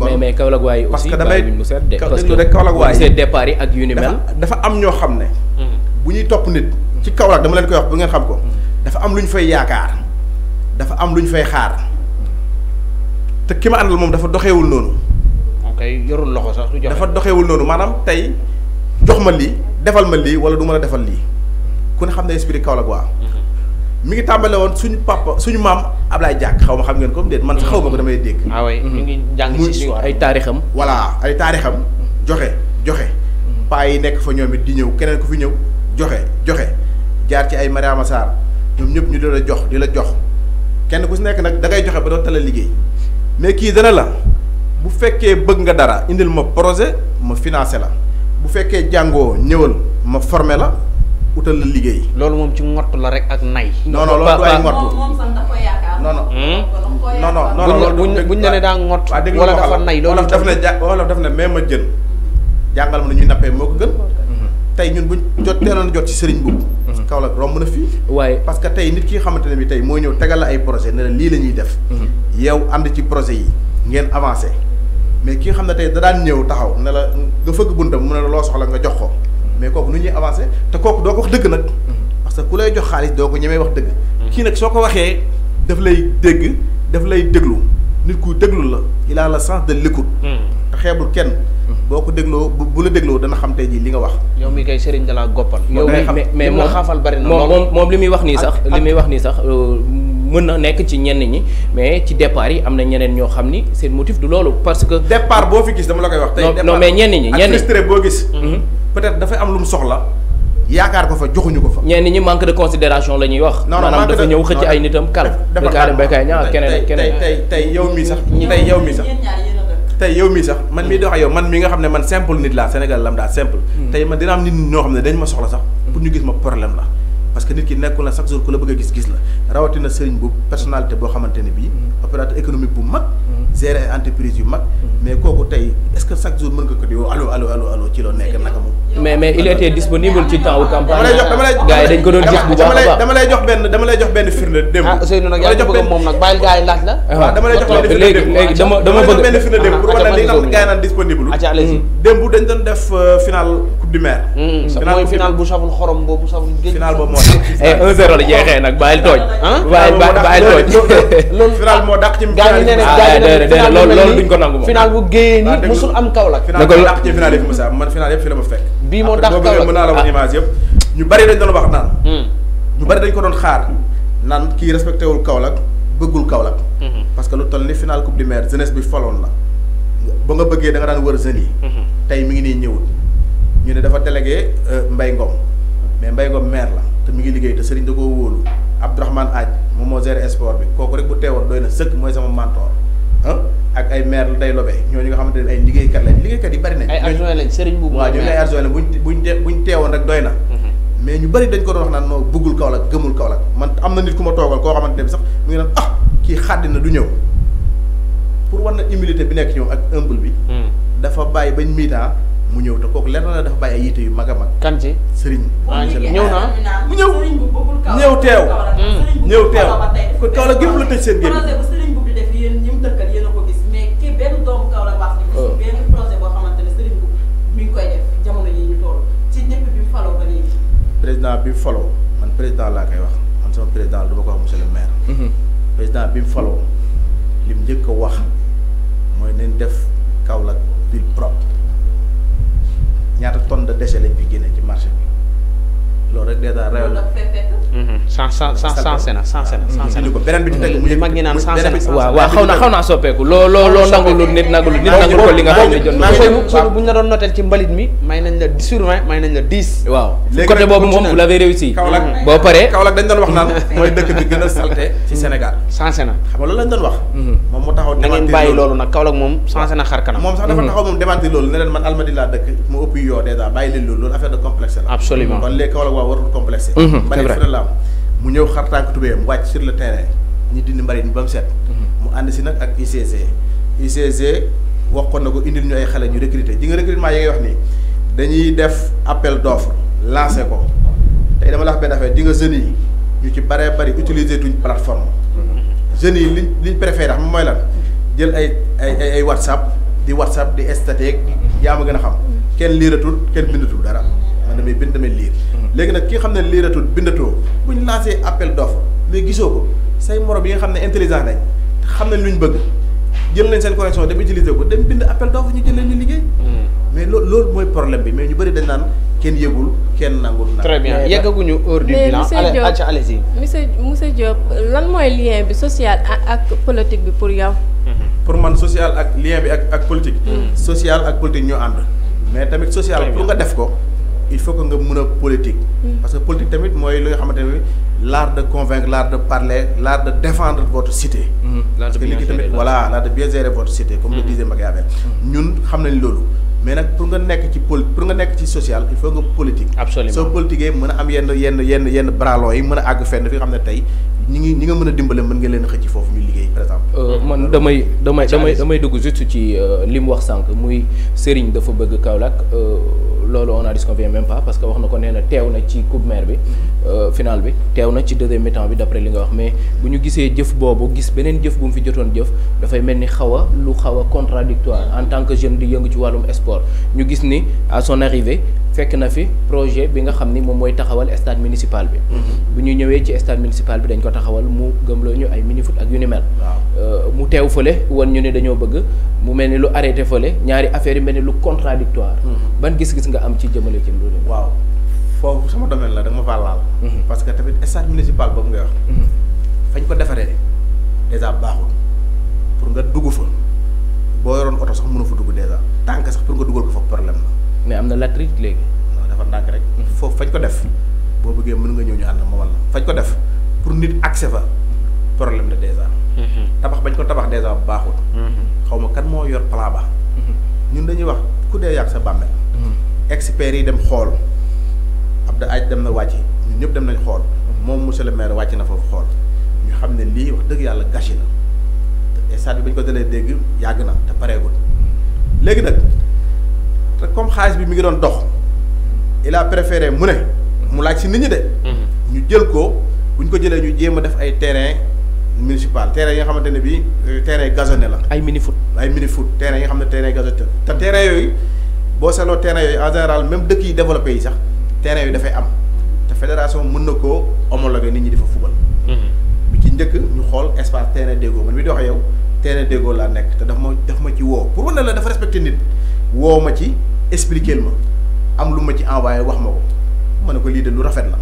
mais mais Kaolack waay aussi bàyyiwuñ mu seet de parce que damay Kaolack waay yi ak yu ni mel. dafa am ñoo xam ne. bu ñuy topp nit. ci Kaolack dama leen koy wax bu ngeen xam ko. dafa am lu ñu fay yaakaar dafa am lu ñu fay xaar te ki ma àndal moom dafa doxewul noonu. ok yorul loxo sax du dafa doxewul noonu maanaam tey jox ma lii defal ma lii wala duma mën a defal lii ku ne xam ne esprit Kaolack waa mhm. mi ngi tàmbale woon suñu papa suñu maam Ablaye Diack xaw ma xam ngeen comme déet man sax mhm. xaw ma ko damay dégg. ah oui ñu ngi jàng ci ay taarixam. voilà ay taarixam joxe joxe. Mhm. paa yi nekk fa ñoom it di ñëw keneen ku fi ñëw joxe joxe jaar ci ay Mariama Sarr ñoom ñëpp ñu di la jox di la jox. kenn ku si nekk nag dangay joxe ba doo tala liggéey mais kii dana la bu fekkee bëgg nga dara indil ma projet ma financé la bu fekkee jàngoo ñëwal ma formé la utal la liggéey. loolu moom ci ngott la rek ak nay. non non loolu du ay ngott moom moom sax da koy hmm? yaakaar. non non non non buñ buñ ne ah, dafa nay loolu daf ne ja wala daf na mais ma jën jàngal ma ne ñuy nappee moo ko gën. tey ñun buñ jot teeloon jot ci sëriñ boobu. Kaolack romb na fii. waaye parce que tey nit ki nga xamante ne bi tey mooy ñëw tegal la ay projet ne la lii la ñuy def. yow ànd ci projet yi ngeen avancé mais ki nga xam ne tey da daan ñëw taxaw ne la nga fëgg buntam mu ne la loo soxla nga jox ko mais kooku nu ñuy avancé te kooku doo ko wax dëgg nag. parce que ku lay jox xaalis doo ko ñemee wax dëgg. kii nag soo ko waxee daf lay dégg daf lay déglu nit ku déglu la il a le sens de l'écoute. te xeebul kenn. boo ko dégloo bu bu la dégloo dana xam tey jii li nga wax. yow mi kay Serigne Dalla goppal. yow mais mais moom xaafal bari na moom moom li muy wax nii sax. li muy wax nii sax euh, mën na nekk ci ñenn ñi mais ci départ yi am na ñeneen ñoo xam ni seen motif du loolu parce que. départ boo fi gis dama la koy wax. tey départ non mais ñenn ñi ñenn ñi boo gis. Mhm. peut-être dafay am lu mu soxla. yaakaar ko fa joxuñu ko fa. ñenn ñi manque de considération la ñuy wax. non maanaam dafa ñëw xëcc ay nitam kàlla. dafa kàlla béykat yi ñaar keneen keneen tey yow mii sax tey yow mii sax. tey yow mii sax man mii di wax yow man mii nga xam ne man simple nit laa Sénégal lam daa simple hmm. tey man dina am nit ñoo xam ne dañ ma soxla sax hmm. pour ñu gis ma problème la parce que nit ki nekkul na chaque jour ku la bëgg a gis gis la rawatina sëriñ bu personnalité boo xamante ne bii hmm. opérateur économique bu mag gérer entreprise yu mag. Mm-hmm. mais koko tay est-ce que chaque jour mën nga ko di allo allo allo allo ci lo nek nakam mais mais il était disponible ci temps wu campagne. dama gars dañ ko doon gis bu baax dama lay jox ben dama lay jox ben firnde dem ah Ousseynou nak yaa ngi bëgg moom nag bàyyil gars yi laaj la. Ah, dama lay jox ah, benn firnde démb léegi dama dama bëgg. ben lay dem pour wane li nga xam ne gars yi disponible. acca allez-y démb dañ doon def euh, final. coupe du maire. Hmm, mooy final bu saful xorom boobu saful géej. final boobu moo tax 1 0 la jeexee nag bàyyil tooñ. bàyyil bàyyil tooñ. loolu ci ah, final yi ah bu géeyee nii am Kaolack. final bu dàq ci man final yëpp fi la ma fekk. bii moo dàq Kaolack mën naa la wax ah. image yëpp. ñu bari dañ doon wax naan. Hmm. ñu bari dañ ko doon xaar naan kii respecté wul bëggul Kaolack. Hmm. parce que lu toll ni final coupe du maire jeunesse bi faloon la ba nga bëggee da daan wër jeunes yi. tey mi ngi nii ñëwul ñu ne dafa délégué euh, Mbaye Ngom mais Mbaye Ngom maire la te mi ngi liggéey te Serigne da koo wóolu Abdourahmane Aj moom moo géré sport bi kooku rek bu teewoon doy na sëkk mooy sama mentor ak ay maire day lobe ñooñu nga xamante ne ay liggéeykat lañ liggéeykat yi bari nañ. ay adjoint lañ Serigne Boubou. waaw ñooñu ay adjoint lañ buñ buñ buñ teewoon rek doy na. Mm-hmm. mais ñu bari dañ ko doon naan moo bëggul Kaolack gëmul Kaolack man am na nit ku ma toogal koo xamante ne bi sax mu ngi naan ah kii xàddi na du ñëw pour war na humilité bi nekk ñoom ak humble bi. Mm. dafa bàyyi bañ mu ñëw te kooku lenn la dafa bàyyi ay yitte mag a mag. kan ci sëriñ. ñëw naa mu ñëw. Hmm. ñëw teew. ñëw teew ko Kaolack gépp la tëj seen génn. projet a ko oh. mi ngi yi ñu toll ci ñëpp bi mu faloo ba léegi. président bi mu faloo man président laa koy wax man sama président du ma ko wax monsieur le maire. Mhm. président bi mu faloo lim njëkk a wax mooy nañ def Kaolack ville propre. ñaata tonne de déchets lañ fi génne ci marché loolu rek dèjà rayal na. Mhm. sans sans sans sena sans sena. sans sena ah. beneen bi ci teg mu mag ñi naan sans sena. waaw waaw xaw na xaw naa soppeeku. loo loo loo nangul nit nangul nit nangul ko li nga xam ne jot na ko. bu ñu la doon noter ci mbalit mi may nañ la sur vingt may nañ la dix. waaw léegi côté boobu moom vous l'avez réussi. Kaolack mhm. boo paree Kaolack dañ doon wax naan mhm. mooy dëkk bi gën a salté ci Sénégal. sans sena xam nga loolu lañ doon wax. moom mu taxaw démentir loolu da ngeen bàyyi loolu nag Kaolack moom sans sena xar kanam. moom sax dafa taxaw moom démentir loolu ne leen man Almadies laa dëkk mu ëpp yoo dèjà bàyyi leen loolu loolu affaire de complexe la. absolument kon léegi Kaolack combat warul complexé. Mhm, c'est vrai la am mu ñëw xar tubéyam wàcc sur le terrain ñu dindi mbalit mi ba mu set. Mhm. mu ànd si nag ak UCG UCG waxoon na ko indil ñu ay xale ñu recruter ji nga recrutement yi ngay wax nii dañuy def appel d'offre lancé ko tey dama la wax yi ñu ci baree bari utiliser tuñ plateforme. Mhm. jeunes yi liñ liñ préféré xam mooy lan jël ay ay ay WhatsApp di WhatsApp di statique yaa ma gën a xam kenn liiratul kenn bindatul dara. damay bind damay liir. Mm-hmm. léegi nag ki xam ne liiratul bindatoo bu ñu lancé appel d'offre léegi gisoo ko say morom yi nga xam ne intelligent nañ xam nañ lu ñu bëgg jël nañ seen connexion dem utiliser ko dem bind appel d'offre ñu jëlee ñu liggéey. Mm-hmm. mais loolu loolu mooy problème bi mais ñu bëri dañ naan kenn yëgul kenn nangul. na très bien yeggaguñu heure du bilan. mais monsieur monsieur monsieur Diop lan mooy lien bi social ak politique bi pour yow. Mm-hmm. pour man social ak lien bi ak ak politique. social ak politique ñoo ànd. mais tamit social pour nga def ko. il faut que nga politique. Mm. parce que politique c'est l'art de convaincre l'art de parler l'art de défendre votre cité. Mm-hmm. l'art de voilà de votre cité. comme le mm-hmm. disait Machiavel. nous savons cela mais pour social il faut que politique. absolument So politique, am yenn yenn yenn yenn fenn fi ñi nga leen on a disconvient même pas parce que wax ko nee na ci coupe mère bi euh, final bi ci deuxième mi-temps bi d'après li nga wax mais si on jëf boobu gis on bu mu fi jotone lu xawa contradictoire en tant que jeune di yëngu ci walum sport ñu giss ni à son arrivée fekk na fi projet bi nga xam ni moom taxawal stade municipal bi. Mhm. bu ñu ñëwee ci stade municipal bi dañ ko taxawal mu gëmloo ñu ay mini foot ak yu ni mel. Euh, mu teew fële wan ñu ne dañoo bëgg mu mel ni lu arrêté fële ñaari affaire yi mel lu contradictoire mhm. ban gis-gis nga am ci jëmale ci loolu. waaw foofu sama domaine la dama faa mhm. parce que tamit stade municipal boobu nga wax. fañ ko defaree dèjà baaxul pour nga dugg fa boo yoroon oto sax mënu fa dugg sax pour nga ko fa problème mais am na latérite léegi. waaw dafa ndànk rek. Mm-hmm. foofu fañ ko def boo bëggee mën nga ñëw ñu na ma wala fañ ko def pour nit accès fa problème de dèjà. Mm-hmm. tabax bañ ko tabax dèjà baaxul. Mm-hmm. xaw ma kan moo yor plan ba. ñun dañuy wax ku dee yàgg sa bàmmeel. experts yi dem xool Abdou Aj dem na wàcc ñun ñëpp dem nañ xool. moom monsieur le maire wàcc na foofu xool ñu xam ne lii wax dëgg yàlla gâché la te bi bañ ko dalee dégg yàgg na te pareegul léegi nag. te comme xaalis bi mi ngi doon dox il a préféré mu ne mu laaj si nit ñi de. ñu jël ko bu ñu ko jëlee ñu jéem a def ay terrain municipal terrain yi nga xamante ne terrain gazonné la. ay mini foot ay mini foot terrain yi nga xam ne terrain gazonné te terrain yooyu boo seetloo terrain yooyu en général même dëkk yi développé yi sax terrain yooyu dafay am te fédération mën na koo homologuer nit ñi di football fubal. bi ci njëkk ñu xool espace terrain déggoo man mi di wax yow terrain déggoo laa nekk te daf ma daf ma ci woo pour wane la dafa respecté nit. woo ma ci expliquer ma am lu ma ci envoyé wax ma ko ma ne ko lii de lu rafet la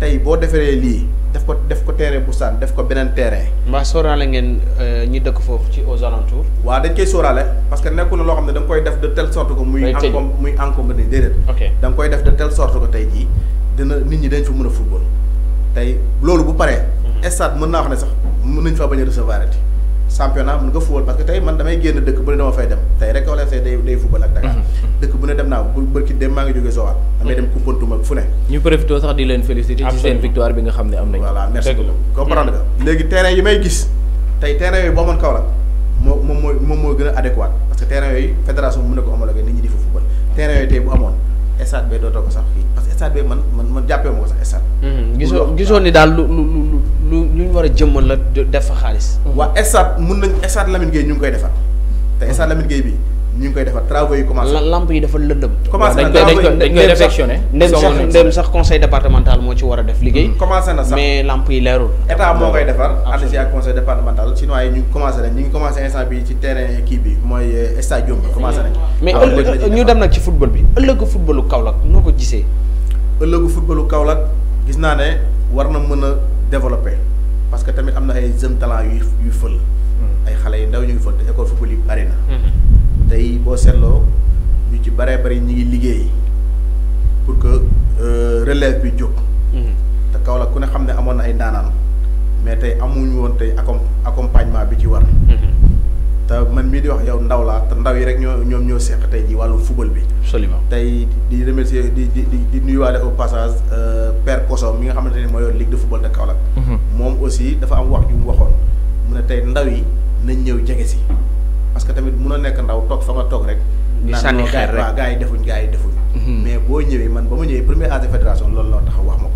tey boo defaree lii def ko def ko terrain bustaan def ko beneen terrain. mbaa sóoraale ngeen euh, ñi dëkk foofu ci aux alentours. waa dañ koy sóoraale parce que nekku na loo xam ne da koy def de telle sorte ko muy encom déedéet. ok koy def de telle sorte que tey jii dina nit ñi dañ fa mën a football tey loolu bu pare mm-hmm. stade mën naa wax ne sax mën nañ fa bañ a recevoir championnat mun nga fubal parce que tey man damay génn dëkk bu ne dama fay dem tey rek wala see day day ak Dakar. Mhm. dëkk bu ne dem naa dem maa ngi jógee Sowal. damay dem mhm. Koumpentoum ak fu ne. ñu profité sax di leen mhm. tey terrain kaw la moo moom mooy a tey bu amoon. stade bee dootoo ko sax parce que stade bee man man jàppee ma ko sax stade. gisoo gisoon ni daal lu lu lu lu lu ñu war a jëmmal la def fa xaalis. Mm-hmm. waa Esat mun nañ Esat Lamine Gueye ñu ngi koy defar te mm-hmm. Esat Lamine Gueye bi ñu ngi koy defar travaux yi commencé. lamp yi dafa lëndëm. commencé na sax ndem sax def liggéey. Mm-hmm. bi euh, ëllëg ñu dem noo ko gisee. ëllëgu footballu Kaolack gis naa ne war na mën a développé parce que tamit am na ay jeunes talents yuy yuy fël. Hmm. ay xale yu ndaw ñu ngi fël te école football yi bari hmm. tey boo seetloo ñu ci bare bari ñu ngi liggéey pour que euh, relève bi jóg. Hmm. te Kaolack ku ne xam ne amoon na ay ndaanaan mais tey amuñu woon tey accom accompagnement bi ci war. te man mii di wax yow ndaw laa te ndaw yi rek ñoo ñoom ñoo seq tey ji wàllu football bi. absolument tey di remercier di di di nuyuwaale au passage euh, Père Koso mi nga xamante ne mooy yor ligue de football de Kaolack. Mm-hmm. moom aussi dafa am wax ju mu waxoon mu ne tey ndaw yi nañ ñëw jege si parce que tamit mun a nekk ndaw toog fa nga toog rek. di sànni xeer rek waaw yi defuñ gars yi defuñ. Mm-hmm. mais boo ñëwee man ba ma ñëwee premier âge fédération loolu loo tax wax ma ko.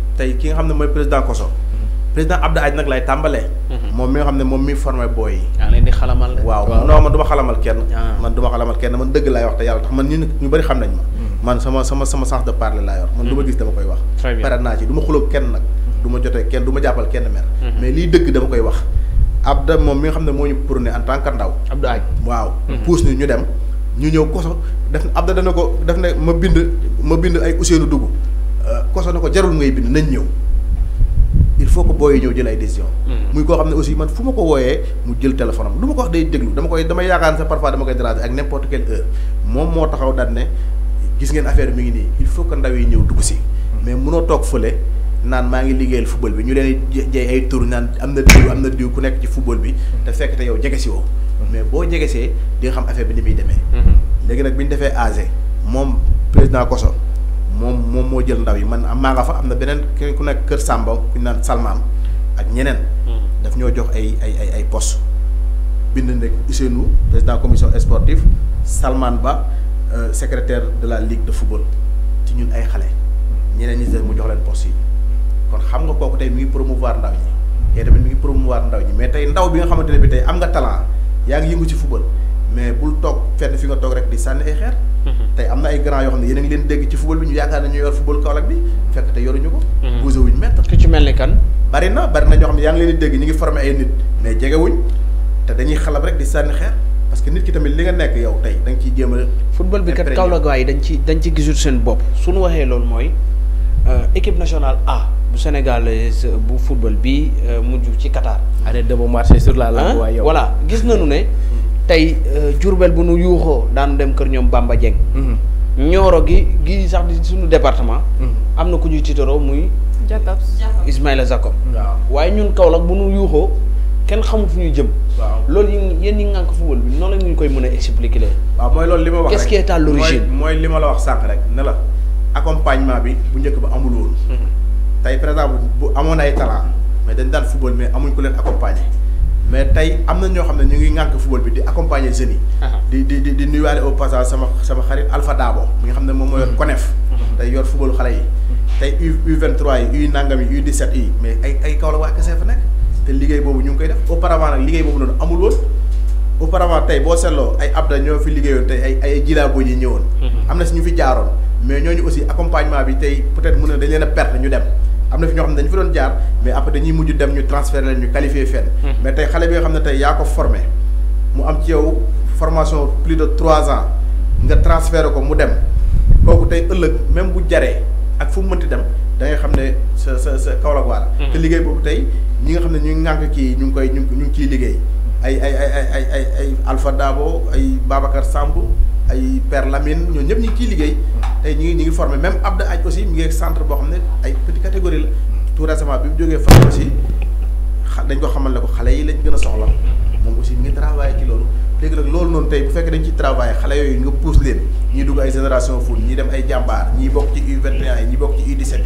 tey ki nga xam ne mooy président Koso. Mm-hmm. président Abdou Aj nag lay tàmbalee. Mm-hmm. moom mi nga xam ne moom mi formé booy yi. waaw non ma xalamal kenn. Ah. man ma xalamal kenn man dëgg xam ma. Mm-hmm. man sama sama sama sens de parler laa yor. man lu ma gis dama koy wax. pare naa ci mi nga xam ne moo ñu prôné en tant que ndaw. Abdou Aj waaw. pousse ñu ñu dem ñu ñëw koso def Abda dana ko def ne ma bind ma bind ay Ousseynou dugg koso euh, na ko jarul ngay bind nañ ñëw il faut que booy ñëw jël ay décision mm-hmm. muy koo xam ne aussi man fu ma ko wooyee mu jël téléphone am lu ma ko wax day déglu dama koy damay yaakaar sax parfois dama koy déranger ak n'importe quelle heure moom moo taxaw daan ne gis ngeen affaire mi ngi nii il faut que ndaw yi ñëw dugg si mm-hmm. mais munoo toog fële naan maa ngi liggéeyal football bi ñu leen jay ay tur naan am na diw am na diw ku nekk ci football bi mm-hmm. te fekk te yow jege si woo mais boo jege see di nga xam affaire bi ni muy demee léegi nag bi ñu defee AG moom président Koso mom mom mo jël ndaw yi man am maga fa am benen beneen ku nek keur Samba ku nan Salman ak ñeneen. Hmm. daf ñoo jox ay ay ay ay poste bind nek Ousseynou président commission sportive Salman Ba euh, secrétaire de la ligue de football ci ñun ay xalé ñeneen ñi mu jox len poste kon xam nga koku tay mi promouvoir ndaw yi tey tamit mi promouvoir ndaw yi mais tay ndaw bi nga xamante bi tay am nga talent ya nga yëngu ci football. mais bul toog fenn fi nga toog rek di sànni ay xeer. Mhm. tey am na ay grand yoo xam ne yéen a ngi leen dégg ci football bi ñu yaakaar ne ñu yor football Kaolack bi fekk te yoruñu mhm. mel ni kan. bari na bari na ñoo xam ne ngi leen dégg ngi formé ay nit mais jegewuñ te dañuy xalab rek di sànni xeer parce que nit ki tamit li nga nekk yow tey da ciy jéem a. football bi kat Kaolack waaye dañ ci dañ ci gisul seen bopp suñu waxee loolu mooy euh, équipe national A. bu Sénégal euh, bu football bi euh, mujj ci Qatar. allez debo marché sur la langue. waaye yow voilà gis nañu ne. tay jurbel euh, bu nu yuxo daanu dem kër ñom Bamba Dieng. Mhm. ñoro gi gi sax di suñu département. Mhm. amna ku ñuy titoro muy. Jacob Ismaïla Jacob. waaw ñun kaolak bu nu yuxo kenn xamul fu ñuy jëm. lool loolu yéen yéen ñi nga ko football bi noonu la ñu koy mëna expliquer leen. waaw moy lool lima wax rek qu'est-ce qui est à l'origine moy lima la wax sànq rek ne la accompagnement bi bu ñëk ba amul woon. Mhm. tay par exemple bu amoon ay talent mais dañ dal football mais amuñ ko leen accompagner mais tay amna ñoo xam ñu ngi ngank football bi di accompagner jeunes di di di di nuyuwaale au passage sama sama xarit Alpha Dabo mi nga xam ne moom moo yor mhm. CONEF. Mhm. tey yor football xalé yi. Mhm. tay U U23 yi U nangami U17 yi mais ay ay kaw la waa kese fa nekk te liggéey boobu ñu ngi koy def auparavant nag liguey bobu non amul woon. auparavant tay bo sello ay abda ñoo fi liggéeyoon tay ay ay jilaaboo yi ñëwoon. am na si ñu fi jaaroon mais ñooñu aussi accompagnement bi tay peut-être mëna dañ leena perdre ñu dem amna fi ñoo doon mais après dañuy mujj dem ñu transférer ñu hmm. mais tey xale bi nga formation plus de trois ans nga transféré ko mu dem kooku tey ëllëg même bu jaree ak fu mënti dem da ngay xam ne sa sa sa Kaolack la hmm. te liggéey boobu tey ñi nga xam ñu ngi ñu koy ñu ciy ay ay ay ay ay Alpha Dabo ay Babacar ay Père Lamine ñoo ñëpp ñi ngi liggéey tey ñu ngi ñu ngi formé même Abda Aj aussi mi ngi ak centre boo xam ne ay petite catégorie la tout récemment bi mu jógee fan aussi dañ ko xamal ne ko xale yi lañ gën a soxla moom aussi mi ngi travaillé ci loolu léegi loolu noonu tey bu fekkee dañ ci travail xale yooyu nga pousse ñuy dugg ay génération foot ñi dem ay jàmbaar ñi bokk ci U21 yi ñi bokk ci U17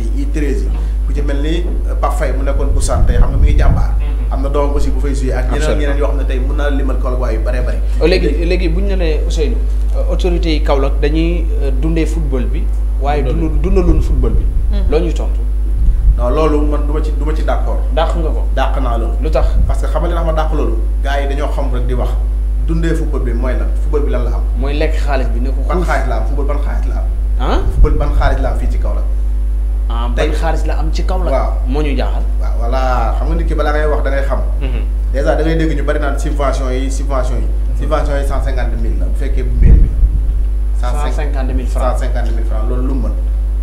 euh, nekkoon Boussan tey xam nga mu jàmbaar mm-hmm. am na doomam aussi bu fay suyee ak yoo xam ne tey mën naa limal Kaolack waaye yu bare bare euh, léegi léegi bu ñu nee Ousseynou euh, autorités yi Kaolack dañuy dundee football bi waaye dund dundalun football bi mm-hmm. loo ñu tontu non loolu man du ma ci du ma ci d'accord dàq nga ko dàq naa loolu lu tax parce que xam nga li tax ma dàq loolu gaa yi dañoo xam rek di wax dundee football bi mooy lan football bi lan la am. mooy lekk xaalis bi ne ko. ban xaalis la am football ban xaalis la am. football ban xaalis la am fii ci kaw la. ah ban xaalis la am ci kaw la. waaw moo ñu jaaxal. waaw voilà xam nga nit ki balaa ngay wax da xam. Mhm. dèjà da ngay ñu bari naan subvention yi subvention yi. Mhm. subvention yi cent cinquante la bu fekkee mairie bi. cent cinquante mille franc cent cinquante mille franc loolu lu mu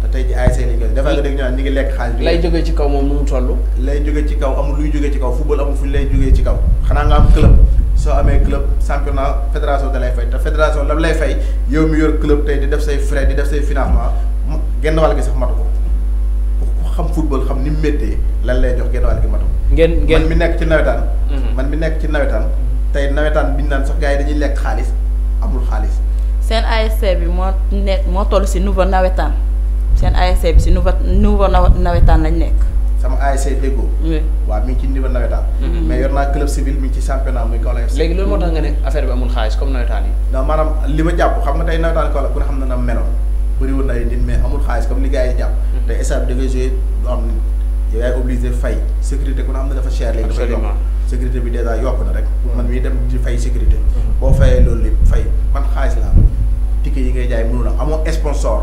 te tey jii ASC lañ koy nga dégg ñu naan ñu ngi lekk xaalis bi. lay jógee ci kaw moom nu mu toll. lay jógee ci kaw amul luy jógee ci kaw football amul fu lay jógee ci kaw xanaa nga am club soo amee club championnat fédération da lay fay te fédération lam lay fay yow mi yor club tey di def say frais di def say financement genn wàll gi sax matu ko ku xam football xam ni mu méttee lan lay jox genn wàll gi matu ko. ngeen ngeen mi nekk ci nawetaan. Mhm. man mi nekk ci nawetaan tey nawetaan bi ñu naan sax gars dañuy lekk xaalis amul xaalis. seen ASC bi moo nekk moo toll si nouveau nawetaan seen ASC bi si nouveau nouveau nawetaan lañ nekk. sama ASC déggoo. waaw mi ngi ci niveau nawetaan. Mhm. mais yor naa club civil mi ngi ci championnat muy Kaolack FC. léegi loolu moo tax nga ne affaire bi amul xaalis comme nawetaan yi. non maanaam li ma jàpp xam nga tey nawetaan Kaolack ku ne xam na na meloon bëriwoon na ay nit mais amul xaalis comme li gars jàpp. Mhm. te état bi da ngay joué am yow yaay obligé fay sécurité ku ne xam ne dafa cher léegi. dafa yokk sécurité bi dèjà yokk na rek. Mhm. man mii dem fay sécurité. boo fayee loolu lépp fay man xaalis laa am yi ngay jaay mënu la amoo sponsor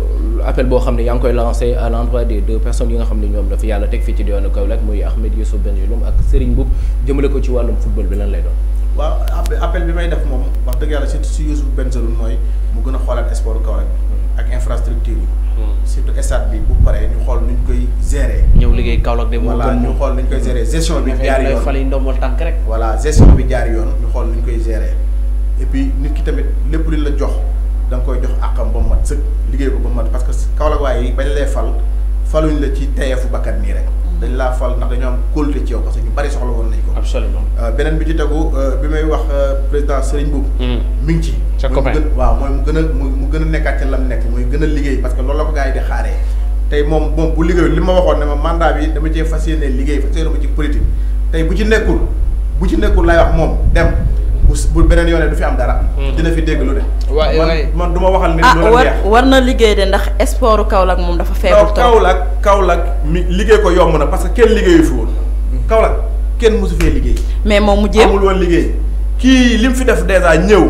appel bo xamné yang koy lancer à l'endroit des deux personnes yi nga xamné ne ñoom dafa yalla tek fi ci diwaanu Kaolack muy Ahmed Youssouf Benjeloum ak Serigne Mboup jëmele ko ci walum football bi lan lay doon. wa appel bi may def mom wax dëgg yalla ci si Youssouf Benjeloum moy mu gëna xolal xoolaat sport Kaolack hmm. ak infrastructure yi. Hmm. surtout stade bi bu paré ñu xol nuñ koy gérer. ñew liggéey Kaolack de moom voilà ñu xol nuñ koy gérer gestion bi. jaar yoon fal yi ndombal tànk rek. voilà gestion bi jaar yoon ñu xol nuñ koy gérer et puis nit ki tamit lépp li la jox da nga koy jox àqam ba mu mat sëkk liggéey ko ba parce que Kaolack waaye yi bañ lay fal faluñ la ci tayeefu bakkan nii rek. Mm. dañ laa fal ndax dañoo am kóolute ci yow parce ñu bari soxla woon nañ ko. absolument euh, beneen bi ci tegu euh, bi may wax euh, président Serigne Boub. Mm. mi ngi ci. sa copain waaw mooy mu gën a mu gën a nekkaat ci lam nekk muy gën a liggéey parce que loolu la ko gars yi di xaaree. tey moom moom bu liggéeyul li ma waxoon ne ma mandat bi dama cee fas yéene liggéey fas yéene ma ci tey bu ci nekkul bu ci nekkul lay wax moom dem bu bu beneen yoonee du fi am dara. Hmm. dina fi dégg lu de. waay waay man man du ma waxal ni. Ah, lu war na liggéey de ndax sport Kaolack moom dafa feebul. taw Kaolack Kaolack mi liggéey ko yomb na parce que kenn liggéeyu fi woon. Hmm. Kaolack kenn mosu fee liggéey. mais moom mu jéem woon liggéey. kii li mu fi def dèjà ñëw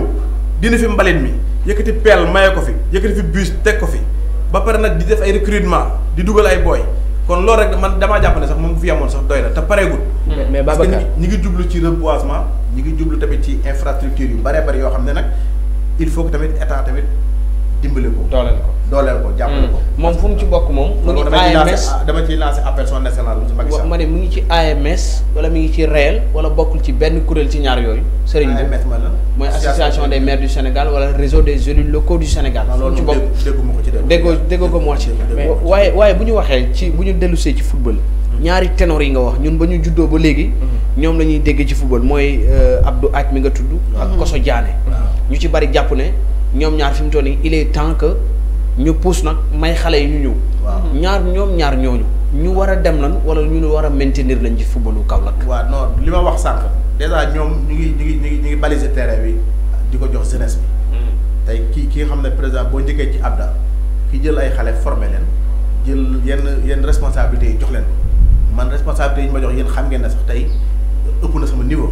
dina fi mbalit mi yëkkati peel maye ko fi yëkkati fi bus teg ko fi ba pare nag di def ay recrutement di dugal ay booy. kon loolu rek man damaa jàpp ne sax moom bu fi yemoon sax doy na te pareegul. Hmm. mais Babacar parce ngi jublu ci reboisement. ñi ngi jublu tamit ci infrastructure yu bare bari yoo xam ne nag il faut que tamit état tamit dimbale ko. dooleel ko dooleel ko jàppale hmm. moom fu mu ci bokk moom. mu ngi AMS dama ci Macky Sall. ma ne mu ngi ci AMS wala mu ngi ci réel wala bokkul ci benn kuréel ci ñaar yooyu. Serigne AMS man la mooy association des maires du Sénégal wala réseau des élus locaux du Sénégal. fu mu ci bokk dégguma ko ci déggoo déggoo ko moo waaye waaye bu ñu waxee ci bu ñu dellusee ci football. ñaari ténor yi nga wax ñun bañu Nous juddoo ba léegi. Mm-hmm. ñoom la ñuy dégg ci football mooy euh, Abdou Nous mi nga tudd. ak mm-hmm. Koso ñu ci bari jàpp ne ñoom ñaar fi mu il est temps que ñu pousse nag may xale yi ñu ñëw. ñaar ñoom ñaar ñooñu. ñu war a dem lan wala ñu war maintenir lañ ci footballu Kaolack. waaw non li wax sànq déjà ñoom ñu ngi ngi ngi ngi baliser terrain bi di jox jeunesse bi. Mm-hmm. tey ki ki président boo njëkkee ci Abda ki jël ay xale formé leen jël yenn yenn responsabilités jox man responsabilité yi ma jox yeen xam ngeen na sax tay ëpp na sama niveau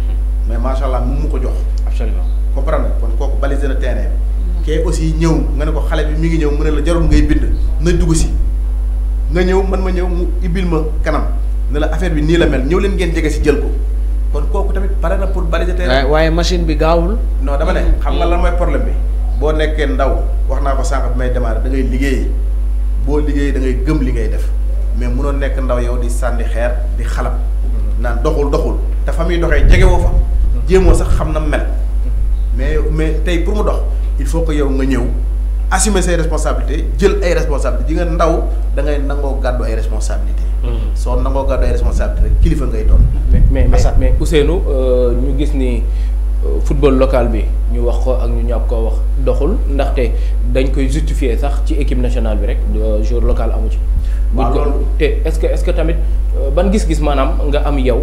mais macha allah mu mu ko jox. absolument comprendre kon koku balisé na terrain mm-hmm. ké aussi ñëw nga ne ko xalé bi mi ngi ñëw mu ne la jarum ngay bind na dugg ci nga ñëw man ma ñëw mu ibil ma kanam ne la affaire bi ni la mel ñëw leen ngeen jégé si jël ko. kon koku tamit parana na pour baliser terrain. waye machine bi gaawul. non dama né xam nga lan moy problème bi bo nekké ndaw waxna ko sànq may démarrer da ngay liggéey bo liggéey da ngay gëm li ngay def. mais mënoo nekk ndaw yow di sànni xeer di xalam mm-hmm. naan doxul doxul te fa muy doxee jegewoo fa mm-hmm. jéemoo sax xam na mel mm-hmm. mais mais tey pour mu dox il faut que yow nga ñëw assumer ses responsabilités jël ay responsabilités ji nga ndaw da ngay nangoo gàddu ay responsabilité soo nangoo gàddu ay responsabilités kilifa ngay doon mais mais mais Ousseynou euh, ñu gis ni football local bi ñu wax ko ak ñu ñàpp ko wax doxul ndaxte dañ koy justifier sax ci équipe nationale bi rek euh, joueur local amu ci. buñ ko te est-ce que est-ce que tamit euh, ban gis-gis maanaam nga am yow.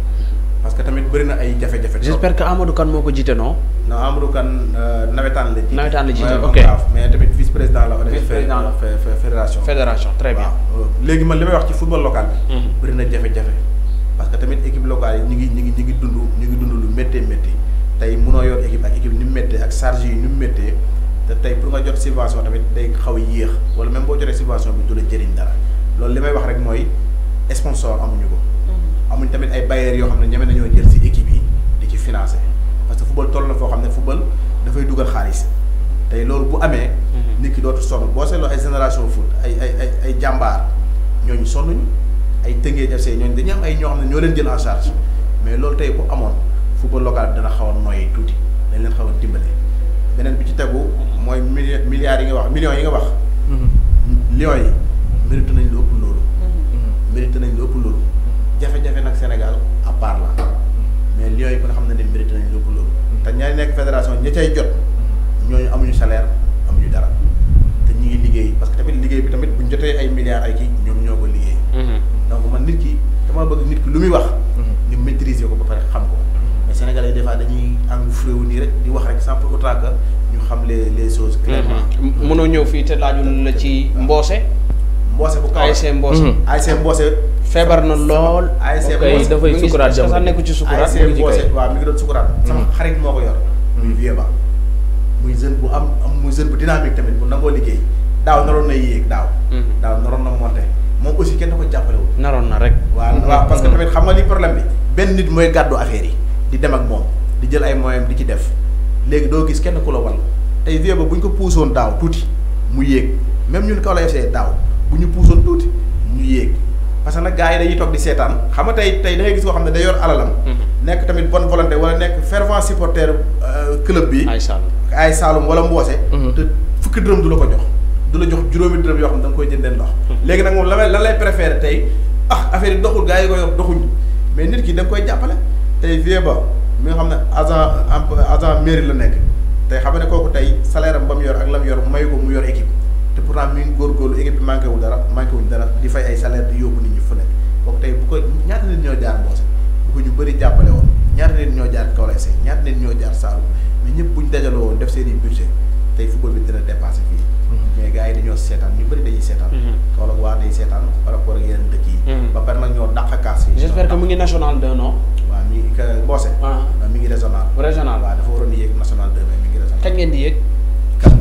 parce que tamit bëri na ay jafe-jafe. trop j'espère que Amadou Kane moo ko jiite non. non Amadou Kane nawetaan euh, la. nawetaan la jiite ok mais tamit vice président la. vice président la fédération. fédération très bien. Euh, léegi man li may wax ci football local bi. Mm-hmm. bëri na jafe-jafe. parce que tamit équipe locale yi ñu ngi ñu ngi ñu ngi dund ñu ngi dund lu méttee métti tey mu noo yor équipe ak équipe ni mu méttee ak charge yi ni mu méttee te tey pour nga jot subvention tamit day xaw yéex wala même boo jotee subvention bi du jëriñ dara loolu li may wax rek mooy sponsor amuñu ko. amuñ tamit ay bailleurs yoo xam ne ñeme nañoo jël si équipe yi di ci financé parce que football toll na foo xam ne football dafay dugal xaalis tey loolu bu amee. Mhm. nit ki dootu sonn boo seetloo ay génération foot ay ay ay ay jàmbaar ñooñu sonnuñu ay Tëngéej FC ñooñu dañu am ay ñoo xam ne ñoo leen jël en charge mais loolu tey bu amoon football local dana xaw a tuuti dañ leen xaw a beneen bi ci tegu. mooy milliard milliards yi nga wax millions yi nga wax. Mhm. lions yi nañ lu ëpp jafe-jafe nag Sénégal à part là mais lions yi ko nga xam na ne mérité nañ mm-hmm. te ñaari nekk fédération ñi cay jot mm-hmm. ñooñu amuñu salaire amuñu dara te ñu ngi liggéey parce que tamit liggéey bi tamit buñ jotee ay milliards ay kii ñoom ñoo ko liggéey mm-hmm. donc man nit ki dama bëgg nit lu muy wax nga maîtriser ko ba pare xam ko mais Sénégalais yi des fois dañuy engouffré wu nii rek di wax rek sans pour autant ñu xam les les choses clairement mënoo ñëw fii te laajul la ci ah. mboose mboose bu kaw ASC mboose mhm. ASC mboose feebar na lool ASC mboose dafay sukuraat jamono sax nekku ci sukuraat ASC mboose waaw mi ngi doon sukuraat mhm. sama xarit moo ko yor mhm. muy vieux ba muy jeune bu am muy jeune bu dynamique tamit bu nangoo liggéey daaw naroon na yéeg daaw daaw naroon na monté moom aussi kenn da ko jàppalewul naroon na rek waaw waaw parce que tamit xam nga li problème bi benn nit mooy gàddu affaire yi di dem ak moom di jël ay moyens di ci def léegi doo gis kenn ku la wal tey vieux ba bu ñu ko puusoon daaw tuuti mu yéeg même ñun kaw la daaw bu ñu puusoon tuuti ñu yéeg parce que nag gars yi dañuy toog di seetaan xam nga tey tey da ngay gis koo xam ne day yor alalam. Mhm. nekk tamit bonne volonté wala nekk fervent supporter euh, club bi. ay Saloum ay Saloum wala Mboose. Mhm. te fukki dërëm du la ko jox. du la jox juróomi dërëm yoo xam ne da nga koy jëndee ndox. Mhm. léegi nag moom la lan lay préféré tey ah affaire yi doxul gars yi ko yor doxuñ mais nit ki da koy jàppale tey vieux ba mi nga xam ne agent agent mairie la nekk tey xam ne kooku tey salaire am ba mu yor ak la mu yor mayu ko mu yor équipe. te pourtant mi ngi góorgóorlu équipe bi manqué dara manqué wuñ dara di fay ay salaire di yóbbu nit ñi fu nekk kooku tey bu ko ñaata nit ñoo jaar Mbossé ñu bëri jàppale woon ñaata ñoo jaar Kaolack see ñaata ñoo jaar ñëpp buñ dajaloo woon def i budget tey football mm-hmm. ñu bëri dañuy seetaan mm-hmm. Kaolack waa day seetaan par rapport ak yeneen dëkk yi mm-hmm. ba mu ngi national deux non waaw mi ngi Mbossé ah. mi dafa waroon di national deux mais ngi régional kañ ngeen di yéeg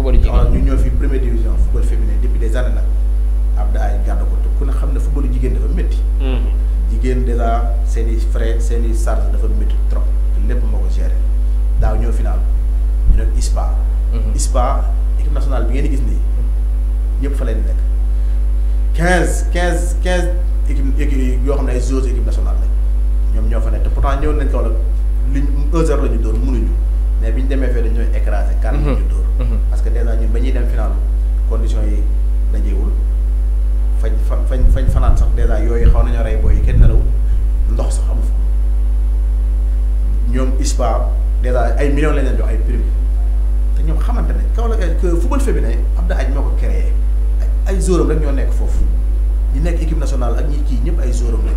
football jigéen ñu ñëw fi première division football féminin depuis des années nag Abdoulaye gàddu ko te ku ne xam ne football jigéen dafa métti. Hmm. jigéen dèjà seen i frais seen i charge dafa métti trop lépp moo ko géré daaw ñëw final ñu ne ISPA. Hmm. ISPA équipe nationale bi ngeen gis nii ñëpp fa leen nekk quinze quinze quinze équipe yoo xam ne ay joueurs équipe nationale ñoom ñoo fa nekk te pourtant ñëw nañ kaw la liñ un doon mënuñu. mais bi ñu demee fee dañu ñooy écrasé. kan la mhm. ñu dóor. Mhm. parce que dèjà ñun ba ñuy dem final condition yi dajeewul fañ fañ fañ fanaan sax dèjà yooyu xaw nañu rey booy yi kenn nelawul ndox sax amu fa ñoom ISPA dèjà ay millions lañ leen jox ay prime te ñoom xamante ne kaw la que football féminin Abdou añ moo ko créé ay ay zoram rek ñoo nekk foofu di nekk équipe national ak ñii kii ñëpp ay zoram lañ.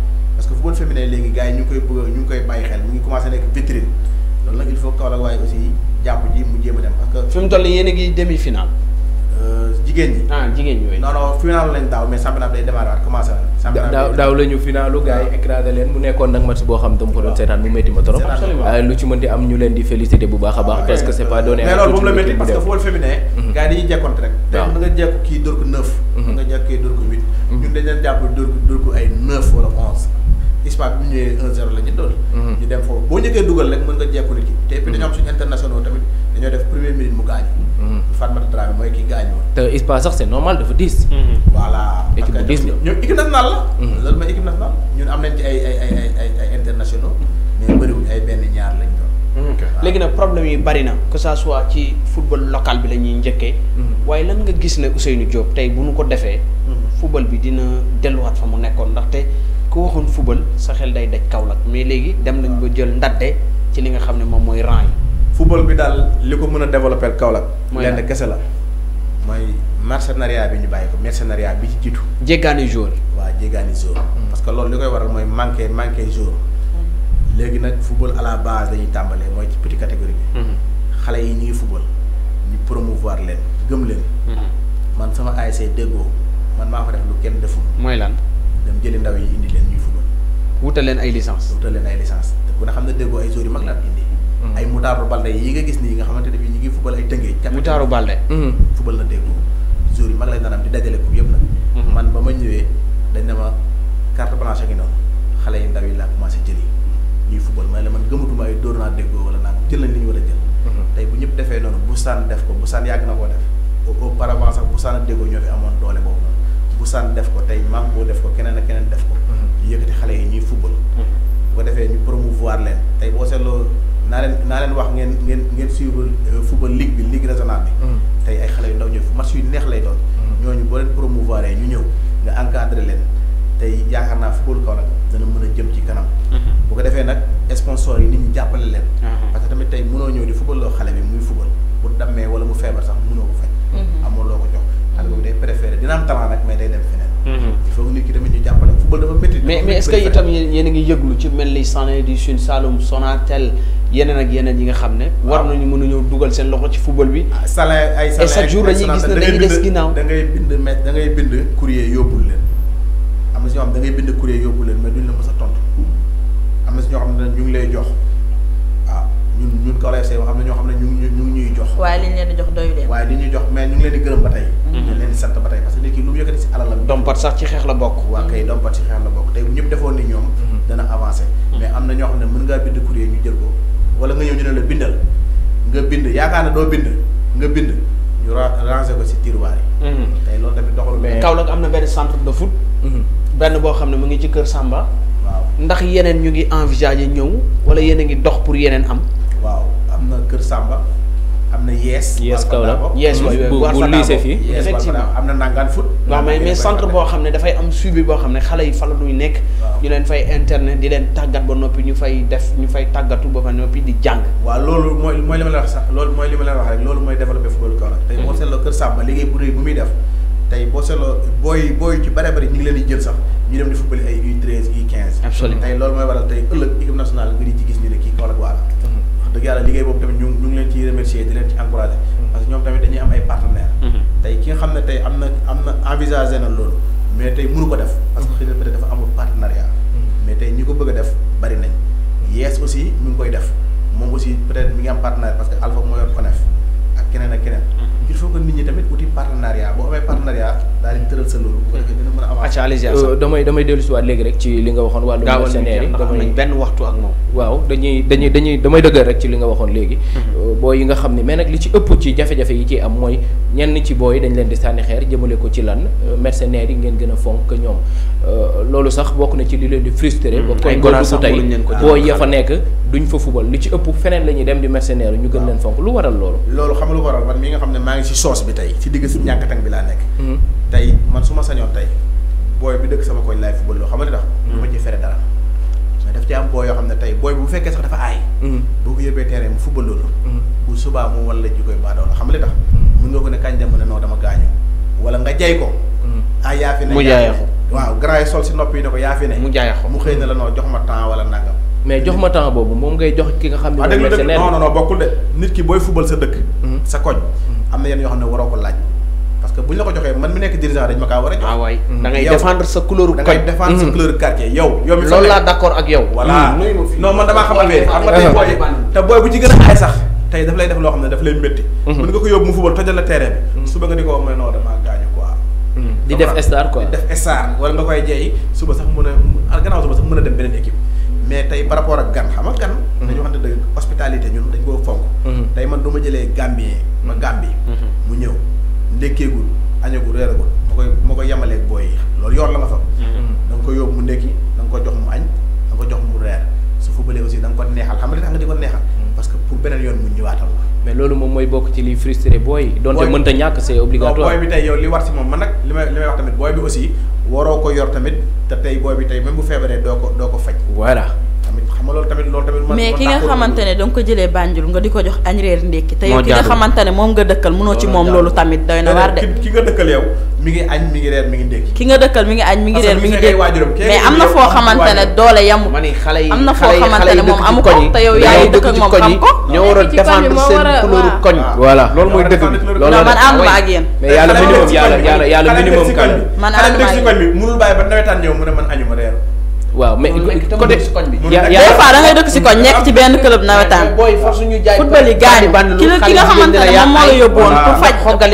parce que football féminin léegi gars yi ñu ngi koy bëgg ñu ngi koy bàyyi xel mu ngi commencé nekk ji mu jéem a dem parce que. fi mu toll yéen a ngi demi euh, ah, final. yi mu nekkoon nag match boo xam dama euh, di félicité bu baax a baax. parce que c' mhm. dañuy jekkonte rek. waaw da nga jekku kii dóor ko neuf. Mhm. nga jekku kii dóor ko huit. Mhm. ñun dañ leen jàpp dóor ko dóor ko ay neuf wala onze. ISPA bi mu ñëwee 1-0 la ñu doon. Mhm. ñu dem foofu boo njëkkee dugal rek mën nga jekku nit ki. te puis dañoo am suñu internationaux tamit dañoo def première minute mu gaañu. Mhm. Fatmata Dramé mooy ki gaañu woon. te ISPA sax c'est normal dafa diis. Mhm. voilà équipe bu diis la ay benn ñaar lañ doon. léegi nag problème yi bari na que ça soit ci football local bi la ñuy njëkkee. waaye lan nga gis ne Ousseynou Diop tey bu nu ko defee. football bi dina delluwaat fa mu nekkoon ndax te ku waxoon fubal sa xel day daj Kaolack mais léegi dem nañ ba jël ndadde ci li nga xam ne moom mooy rang yi. fubal bi daal li ko mën a développer Kaolack. mooy lenn kese la mooy mercenariat bi ñu bàyyi ko mercenariat bi ci jiitu. jéggaani jour. waaw jéggaani jour. Hmm. parce que loolu li koy waral mooy manqué manqué jour. Hmm. léegi nag football à la base tàmbalee mooy ci petite catégorie hmm. xale yi ñu ngi football ñu promouvoir leen man sama ASC déggoo man maa fa kenn deful. mooy lan. dem jëli ndaw yi indi leen ñuy football. wutal ay licence wutal leen ay licence te ku ne xam ne déggoo ay joueurs yu mag la indi. Mm. ay Mutaaru Balde yi nga gis nii nga xamante ne bii ñu ngi football ay tëngee. jàpp la déggoo joueurs dajale mm-hmm. man ba ma ñëwee dañ ne ma carte blanche ngi noonu xale yi ndaw yi laa commencé jëli ñuy football ma ne la man gëmatuma ay dóor naa déggoo wala naa jël nañ li ñu war a jël mm-hmm. tey bu ñëpp defee noonu bu sànn def ko bu sànn yàgg na koo def auparavant sax bu sànn déggoo ñoo fi bu saan def ko tey maam boo def ko keneen ak keneen def ko ñu mhm. yëkkati xale yi ñuy football mhm. bu ko defee ñu promouvoir leen tey boo seetloo naa leen naa leen wax ngeen ngeen ngeen suivre euh, football ligue bi ligue régionale mhm. tey ay xale yu ndaw ñëw match yu lay doon ñooñu boo leen promouvoir ñu ñëw nga encadré leen tey yaakaar naa football Kaolack dana mën a jëm ci kanam bu ko defee nag sponsor yi nit ñu jàppale leen parce que tamit tey mënoo ñëw di football loo xale bi muy football bu dammee wala mu feebar sax mënoo ko faj dina am talent nag mais day dem feneen. Mhm. il faut que nit ki tamit ñu jàppale football dafa métti. mais mais est-ce que itam yéen ngi yëglu ci mel ni Sané di Sine Saloum Sonatel yeneen ak yeneen yi nga xam ne. war nañu mën a ñëw dugal seen loxo ci football bi. Ah, Salé ay Salé chaque jour dañuy gis ne dañuy des ginnaaw da ngay bind da ngay bind courrier yóbbul leen am na si ñoo xam da ngay bind courrier yóbbul leen mais duñ la mës a tontu am na si ñoo xam ne ñu ngi lay jox waaw ah, ñun ñun Kaolack FC yoo xam ne ñoo xam ne waaye li ñu leen di jox doyu leen waaye li ñu jox mais ñu ngi leen di gërëm ba tey mhm. ñu leen di sant ba tey parce que nit ki lu mu yëkkati si alalam dompat sax ci xeex la bokk waa kay mhm. dompat ci xeex la bokk tey ñëpp defoon ni ñoom mhm. dana avancé mais am na ñoo xam ne mën ngaa bind courrier ñu jël ko wala nga ñëw ñu ne la bindal nga bind yaakaar ne doo bind nga bind ñu ranger ko si tiroir yi tey loolu tamit doxul mais Kaolack am na benn centre de foot benn boo xam ne mu ngi ci kër Samba waaw ndax yeneen ñu ngi envisager ñëw wala yéen a ngi dox pour yeneen am waaw am na kër Samba am na yees. yees kaw la yees bu bu lycée fii. effectivement am na nangaan foot. waaw mais mais centre boo xam ne dafay am suivi boo xam ne xale yi fa la ñuy nekk. ñu leen fay internet di leen tàggat ba noppi ñu fay def ñu fay tàggatu ba fa noppi di jàng. waaw loolu mooy mooy li ma la wax sax loolu mooy li ma la wax rek loolu mooy développé football kaw la. tey boo hmm. seetloo Kër Samba liggéey bu rëy bu muy def tey boo seetloo booy booy ci bare bari ñu ngi leen di jël sax. ñu dem di football ay U13 U15. absolument tey loolu mooy waral tey ëllëg équipe nationale bi di ci gis ñu ne kii Kaolack waa la dëgg yàlla liggéey boobu tamit ñu ñu ngi leen ci remercier di leen ci encouragé mm-hmm. parce que ñoom tamit dañuy am ay partenaires mm-hmm. tey ki nga xam ne tey am na am na envisagé na loolu mais tey mënu ko def parce que xëy na peut dafa amul partenariat mm-hmm. mais tey ñi ko bëgg def bari nañ yees aussi mi ngi koy def moom aussi peut être mi ngi am partenaire parce que Alpha moo yor Konef ak keneen ak keneen il faut nit ñi tamit wuti partenariat boo ko a mën a avancer. acca allez euh, damay damay ci li nga waxoon. wàllu mercenaires yi damay benn waxtu ak moom. waaw mhm. euh, ne mais li ci ëpp ci jafe-jafe yi ciy am mooy ñenn ci booy dañ leen di sànni xeer jëmale ko ci lan euh, mercenaires yi ngeen gën a fonk ñoom loolu sax bokk na ci li leen di frustré. ba koy góor bu tey booy ya fa nekk duñ fa fubal li ci ëpp feneen la dem di mercenaire ñu gën leen fonk lu waral loolu loolu xam lu waral man nga xam ne ngi ci soos bi tey ci digg si ñànkatan bi laa nekk. Hmm. tey man su ma sañoon tey booy bi dëkk sama koñ laay football loo xam ne tax. Hmm. ma ci fere dara. mais daf ci am yoo xam ne tey booy bu fekkee sax dafa aay. Hmm. boo ko yóbbee terrain mu football loolu. bu subaa mu wala xam ne tax. mun nga ko ne kañ dama gaañu wala nga jay ko. ah yaa fi ne mu jaayaxu waaw si nopp yi ne ko yaa fi ne. mu mu xëy na la noo jox ma temps wala nangam. mais jox ma temps boobu moom ngay ki nga xam ne. Ah, moom non non bokkul de nit ki booy fubal sa dëkk. sa koñ. am na yenn yoo xam ne waroo ko laaj parce que bu ñu la ko joxee man mi nekk dirigeant dañ ma kaa war a jox. waaw ah, waay mm-hmm. da sa couleur. da ngay sa mm-hmm. couleur quartier yow. yow mi loolu laa d'accord ak yow. voilà mm-hmm. non man damaa xamal ne te booy bu ci gën a aay sax tey daf lay def loo xam ne daf lay métti. mën nga ko yóbbu mu fubal tojal la terrain bi. suba nga di ko may non damaa gaañu di def star quoi di def star wala nga koy jeey suba sax mën a gannaaw suba sax mën a dem beneen équipe mais tey par rapport ak gan xam nga gan. Mhm. dañu waxante dëgg hospitalité ñun dañ koo fonk. Mhm. tey man du ma jëlee Gambien ma Gambi. Mhm. mu ñëw ndekkeegul añagul reeragul ma koy ma koy yemaleeg booy yi loolu yoor la ma fa. da ko yóbbu mu ndekki da ko jox mu añ da ko jox mu reer su fubalee aussi da ko neexal xam nga di ko neexal. parce que pour beneen yoon mu ñëwaatal la. mais loolu moom mooy bokk ci liy frustré booy. donte mënta ñàkk c'est obligatoire. booy bi tey yow li war si moom man nag li may li may wax tamit booy bi aussi waroo ko yor tamit te tey booy bi tey même bu feebaree doo ko doo ko faj. voilà. xam nga loolu tamit loolu tamit. mais ki nga xamante ne da nga ko jëlee Banjul nga di ko jox añ reer ndékki. moo jaadu te ki nga xamante moom nga dëkkal munoo ci moom loolu tamit doy na waar de. ki nga dëkkal yow mi ki nga dëkkal mi ngi añ mi ngi reer mi ngi ndékki mais am na foo doole yamu. xale yi am na foo xamante ne moom ko ko. war a défendre seen couleur koñ. loolu mooy dëkk bi loolu man ànduma ak yéen. mais yàlla minimum yàlla yàlla yàlla minimum. man ànduma ak yéen munul bàyyi ba nawetaan ñëw mu ne man añu ma reer waaw mais côté yaa yaa des fois da ngay dëkk si koñ nekk ci benn club nawetaan football yi gaañ ki la ki nga xamante ne moom moo la faj pour nga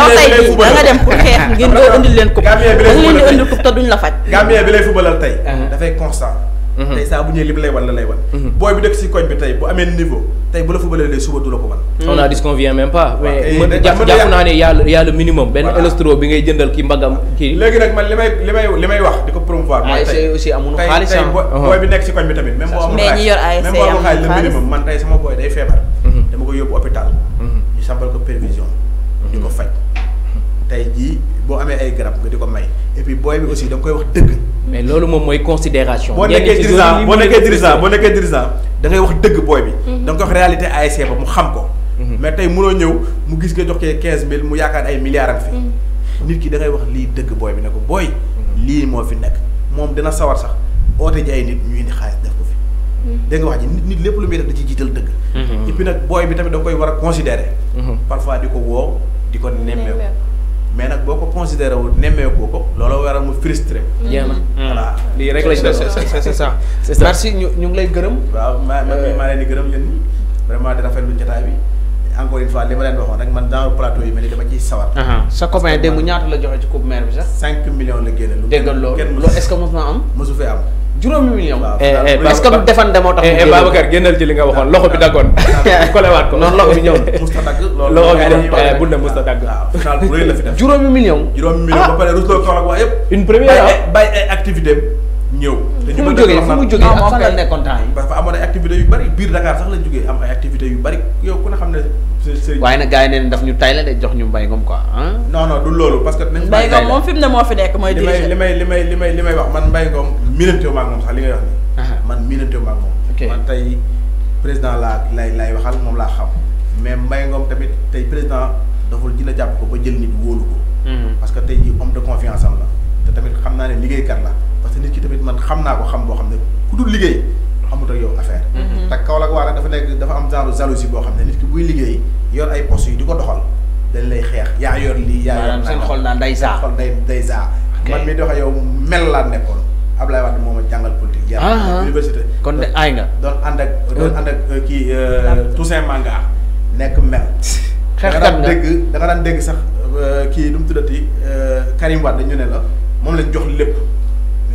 yow tey jii da dem pour xeex ngir nga indil leen coupe da leen di indil coupe te duñ la faj. Gambien lay footballal tey uh-huh. dafay constant. Mhm. tey saa bu ñëwee lim lay wan la lay wan mhm. booy bi dëkk si koñ bi tey bu amee niveau tey bu la footballee lay suba du la ko wan on a disconvient même pas mais jàpp naa ne yàlla yàlla minimum benn élastro bi ngay jëndal ki mbagam kii léegi nag man li may li may wax di ko promouvoir mooy ah, tey aussi amuñu xaalis tey uh-huh. booy bi nekk si koñ bi tamit même boo amul xaalis même boo amul xaalis le minimum man tey sama booy day feebar uh-huh. dama ko yóbbu bon ay et puis boy bi aussi dang koy wax mais mom moy considération bo nekkee dirigeant bo nekkee dirigeant bo nekkee dirigeant da wax boy bi. Mhm. réalité ASC ba mu xam ko. Mhm. mais mu no ñew mu gis nga jox 15 15000 mu yaakaar ay milliards fi. Mhm. nit ki da wax li deug boy bi nako boy li mo fi nek mom dina sawar sax nit ni fi. wax nit et puis nak boy bi tamit considérer. parfois diko wo diko mais nag boo ko considéré wu nemmeeku ko looloo waral mu frustré. Mm-hmm. jeex na voilà mm-hmm. lii rek la ñu ngi lay gërëm. waaw maa euh, maa leen di gërëm yéen ñi vraiment di rafetlu jotaay bi encore une fois li ma ñaata la joxe ci coupe mère bi sax. 5 millions la génne. lu loolu kenn mos naa am. mosu fee am. juróomi million. Eh, eh, parce que defande moo tax. Eh, Babacar génnal ci li nga waxoon loxo bi daggoon. kolewaat ko noonu loxo bi ñëw. musta dagg loxo bi dem bu ne musta dagg. waaw juróomi million. juróomi million ah. ba pare ñëw. te ñu bëgg a fu mu jógee ak ah, ah, fan la parce que amoon ay activités yu bari biir Dakar sax lañ jógee am ay activités yu bari yow ku ne xam ne. waaye nag gars yi neen daf ñu tay la de jox ñu mbay ngom quoi ah. non non du loolu parce que. nañ mbay ngom moom fi ne moo fi nekk mooy. li may may li may may li may wax man mbay ngom miinanteewu ma ak moom sax li ngay wax nii. moom. laa xam. mais mbay ngom tamit tey président dafa dina jàpp ko ba jël nit wóolu ko. Mhm. parce que tey jii homme de confiance am la. te tamit xam naa ne liggéeykat la parce que nit ki tamit man xam naa ko xam boo xam ne ku dul liggéey amut ak yow affaire. Mhm. te Kaolack waa dafa nekk dafa am genre jalousie boo xam ne nit ki buy liggéey yor ay postes yi di ko doxal dañ lay xeex yaa yor lii. yaa yor seen xol naan day saa xol day day saa. man mi dox yow mel laa nekkoon Ablaye Wade moo ma jàngal politique. yàlla ah, ah. université kon de aay nga. doon ànd ak euh. doon ànd ak euh, kii euh, Toussaint Manga nekk mel. xeex nga da nga daan dégg da nga daan dégg sax kii nu mu tuddati Karim Wade ñu ne la moom lañ jox lépp.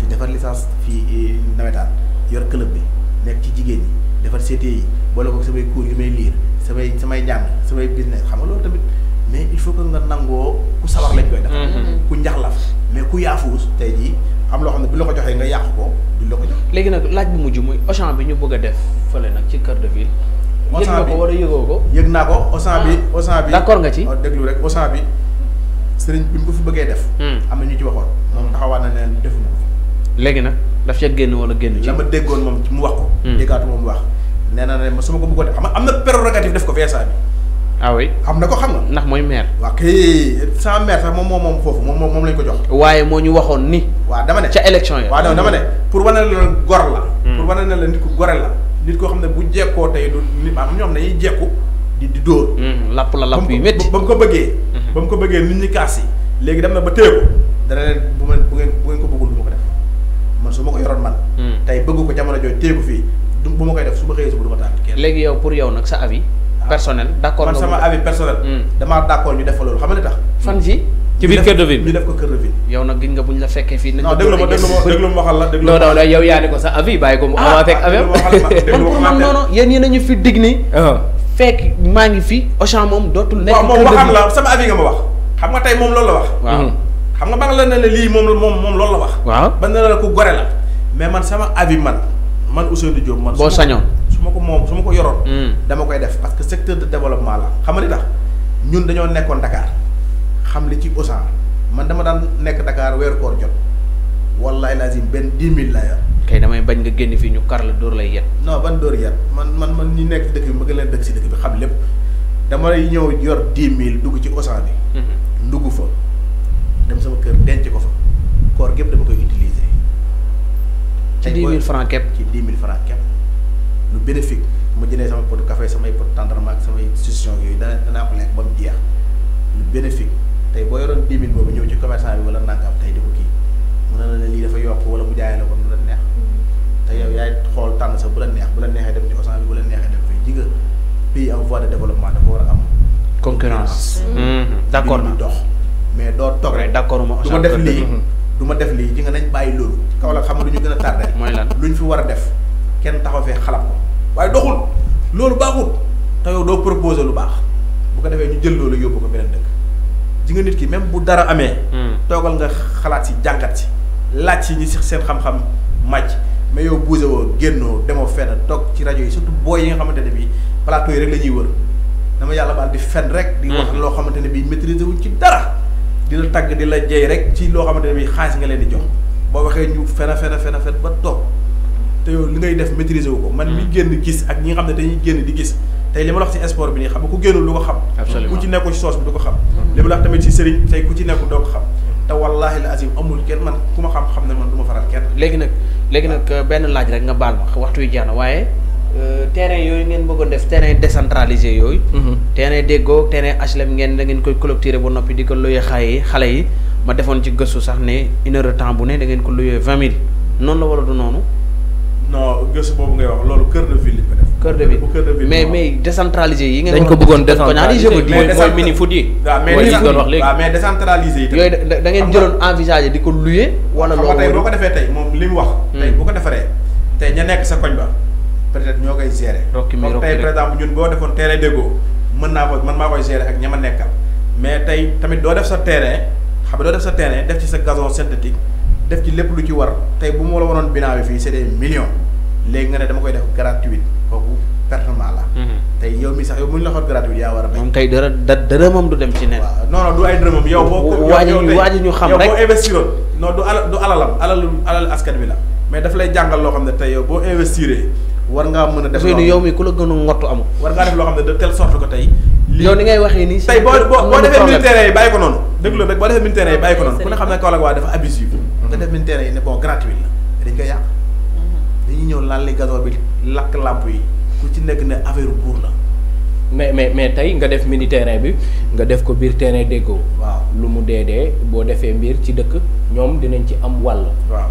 di defar licence fii eh, nawetaan yor club bi nekk ci jigéen ñi defar CTI yi boole ko samay cours yu may liir samay samay jàng samay business xam nga loolu tamit mais il faut que nga nangoo ku sawar lañ koy def mm-hmm. ku njaxlaf mais ku yaafuus tey jii am loo xam ne bu la ko joxee nga yàq ko du la ko léegi nag laaj bu mujj muy Auchan bi ñu bëgg a def fële nag ci cœur de ville yëg nga ko wala yëgoo ko yëg naa ko Auchan bi ah. Auchan bi d'accord nga ci oh, déglu rek Auchan bi sëriñ bi mu ko fi bëggee def hmm. am na ñu ci waxoon hmm. moom taxawaat na ne defuma ko léegi nag daf ca génn wala génn ci. la ma déggoon moom mu wax ko. Hmm. déggaatu moom mu wax nee na ne su ma ko bëggoon def am na prérogative def ko VSA bi. Ah am na ko xam nga. ndax mooy maire. waa kay sans maire sax moom moom moom foofu moom moom lañ ko jox. waaye moo ñu waxoon ni. waa dama ne ca élection yi. waaw dama ne hmm. pour wane ne la gor la. Hmm. pour wane ne la nit ku gore la. nit koo xam ne bu jekkoo tey du nit maanaam ñoom dañuy jekku di di dóor. lapp la lapp yu métti ba mu ko bëggee. ba mu ko bëggee nit ñi kaas léegi dem na ba téye ko dana leen bu ko bëggul. su ma ko yoroon man hmm. tey bëgg ko jamono jooju téye ko fii du bu ma koy def su ma xëyee suba ma taal kenn léegi yow pour yow nag sa avis ah. personnel d'accord man sama avis personnel hmm. damaa d'accord ñu def fa loolu xam nga tax fan fii ci biir kër de ville yow nag gis nga bu ñu la fekkee fii non déglu ma déglu ma déglu ma waxal la déglu non non mu avancé ah, ak affaire man pour man non non yéen yéen fi dig ni uh-huh. fekk maa ngi fi Auchan moom dootul nekk moom waxam la sama avis wax xam nga tey moom loolu la wax xam nga ba nga la ne lii mom mom moom loolu la wax. waaw ba ne la ko goré la mais man sama avis man man Ousseynou Diop man. bo sañon suma ko mom suma ko yoron hmm. dama koy def parce que secteur de développement la xam nga tax ñun dañoo nekkon Dakar xam li ci ousan man dama dan nekk Dakar weeru koor jot wallahi lazim ben 10000 la ya kay damay bañ nga genn fi ñu kar la door lay yett non ban door yett man man man ñi nekk dëkk bi ma gën leen dëkk ci dëkk bi xam lepp dama lay ñëw yor 10000 dugg ci ousan bi. Hmm. dugg fa. dem sama kër denc ko fa koor gépp dama koy utiliser. te dix mille francs képp ci dix mille francs képp lu bénéfique mu jëndee sama potu café samay pot tendrement ak samay solution yooyu dana danaa ko lekk ba mu jeex lu bénéfique te boo yoroon dix mille boobu ñëw ci commerçant bi wala am tey di ko kii mu ne la ne lii dafa yokk wala mu jaay la ko mu la neex mm-hmm. te yow yaay xool tànn sax bu la neex bu la neexee dem ci Auchan bu la neexee dem fii jiga pays en voie de développement dafa war am concurrence mm-hmm. d'accord na dox mais doo toog rek d'accord ma du ma def lii mm-hmm. du ma def lii ji nga nañ bàyyi loolu kaw la xam nga lu ñu gën a tardé mooy lan lu ñu fi war a def kenn taxaw fee xalaat ko waaye doxul loolu baaxul te yow doo proposé lu baax bu ko defee ñu jël loolu yóbbu ko beneen dëkk ji nga nit ki même bu dara amee mm. toogal nga xalaat si jàngat si laaj si ñu si seen xam-xam màcc mais yow bougé woo génnoo demoo fenn toog ci rajo yi surtout booy yi nga xamante ne bii plateau yi rek la ñuy wër dama yàlla baal di fen rek di mm. wax loo xamante ne bii maîtriser wuñ ci dara di la tagg di la rek ci loo xamante ne bii xaalis nga leen di jox boo waxee ñu fen a fen a fen ba toog te yow li ngay def maîtriser wu ko. man mi hmm. génn gis ak ñi nga xam ne dañuy génn di gis te li ma la wax ci sport bi nii xam nga ku génnul du ko xam. ku ci nekkul ci soos bi du ko xam. Hmm. li ma la wax tamit ci sëriñ tey ku ci nekkul doo ko xam. te wallaahi la azim amul kenn man ku ma xam xam ne man du ma faral kenn. léegi nag léegi nag benn laaj rek nga baal ma waxtu wi jeex na waaye terrain yoy ngeen bëggoon def terrain décentralisé yoy mhm. terrain déggoo terrain HLM ngeen da ngeen koy clôturer ba nopi diko ko luyee xalé yi ma defoon ci gëssu sax né une heure temps bu né da ngeen ko luyee 20000 non la wala du nonu non gëssu bobu ngay wax lolu cœur de ville mais mais décentralisé yi. ngeen ko bëggoon décentralisé ko mini foot yi. waaw mais doon wax mais décentralisé yi. da ngeen envisager wala wax. Hmm. ña nekk sa ba peut-être ma nekkal doo def sa terrain xam nga doo def sa terrain def ci sa gazon synthétique def lu ci war bu ma bi fii c'est des millions léegi nga ne dama koy def gratuit kooku pertement la. Mhm. tey yow mi sax yow bu ñu la xool gratuit yaa a. moom kay dara da du ay dërëmam yow. boo waa ji ñu xam rek boo investiroon non du ala du alalu alalu askan wi la mais daf lay jàngal loo xam ne tey yow boo investiree war ngaa mën a def loo yow mi ku la gën a ngottu amul. war ngaa xam ne de telle sorte ko tey. yow ni ngay waxee nii. tey boo boo boo defee militaire yi bàyyi ko noonu. déglu rek boo defee militaire yi bàyyi ko noonu ku ne ne Kaolack waa dafa abusif. Mm-hmm. gratuit la dañ yàq. Mm-hmm. dañuy ñëw laal li gazon bi lakk làmp yi ku ci nekk ne affaire buur la. mais mais mais tey nga def mini terrain bi nga def ko biir terrain déggoo. waaw lu mu dee dee boo defee mbir ci dëkk ñoom dinañ ci am wàll. waaw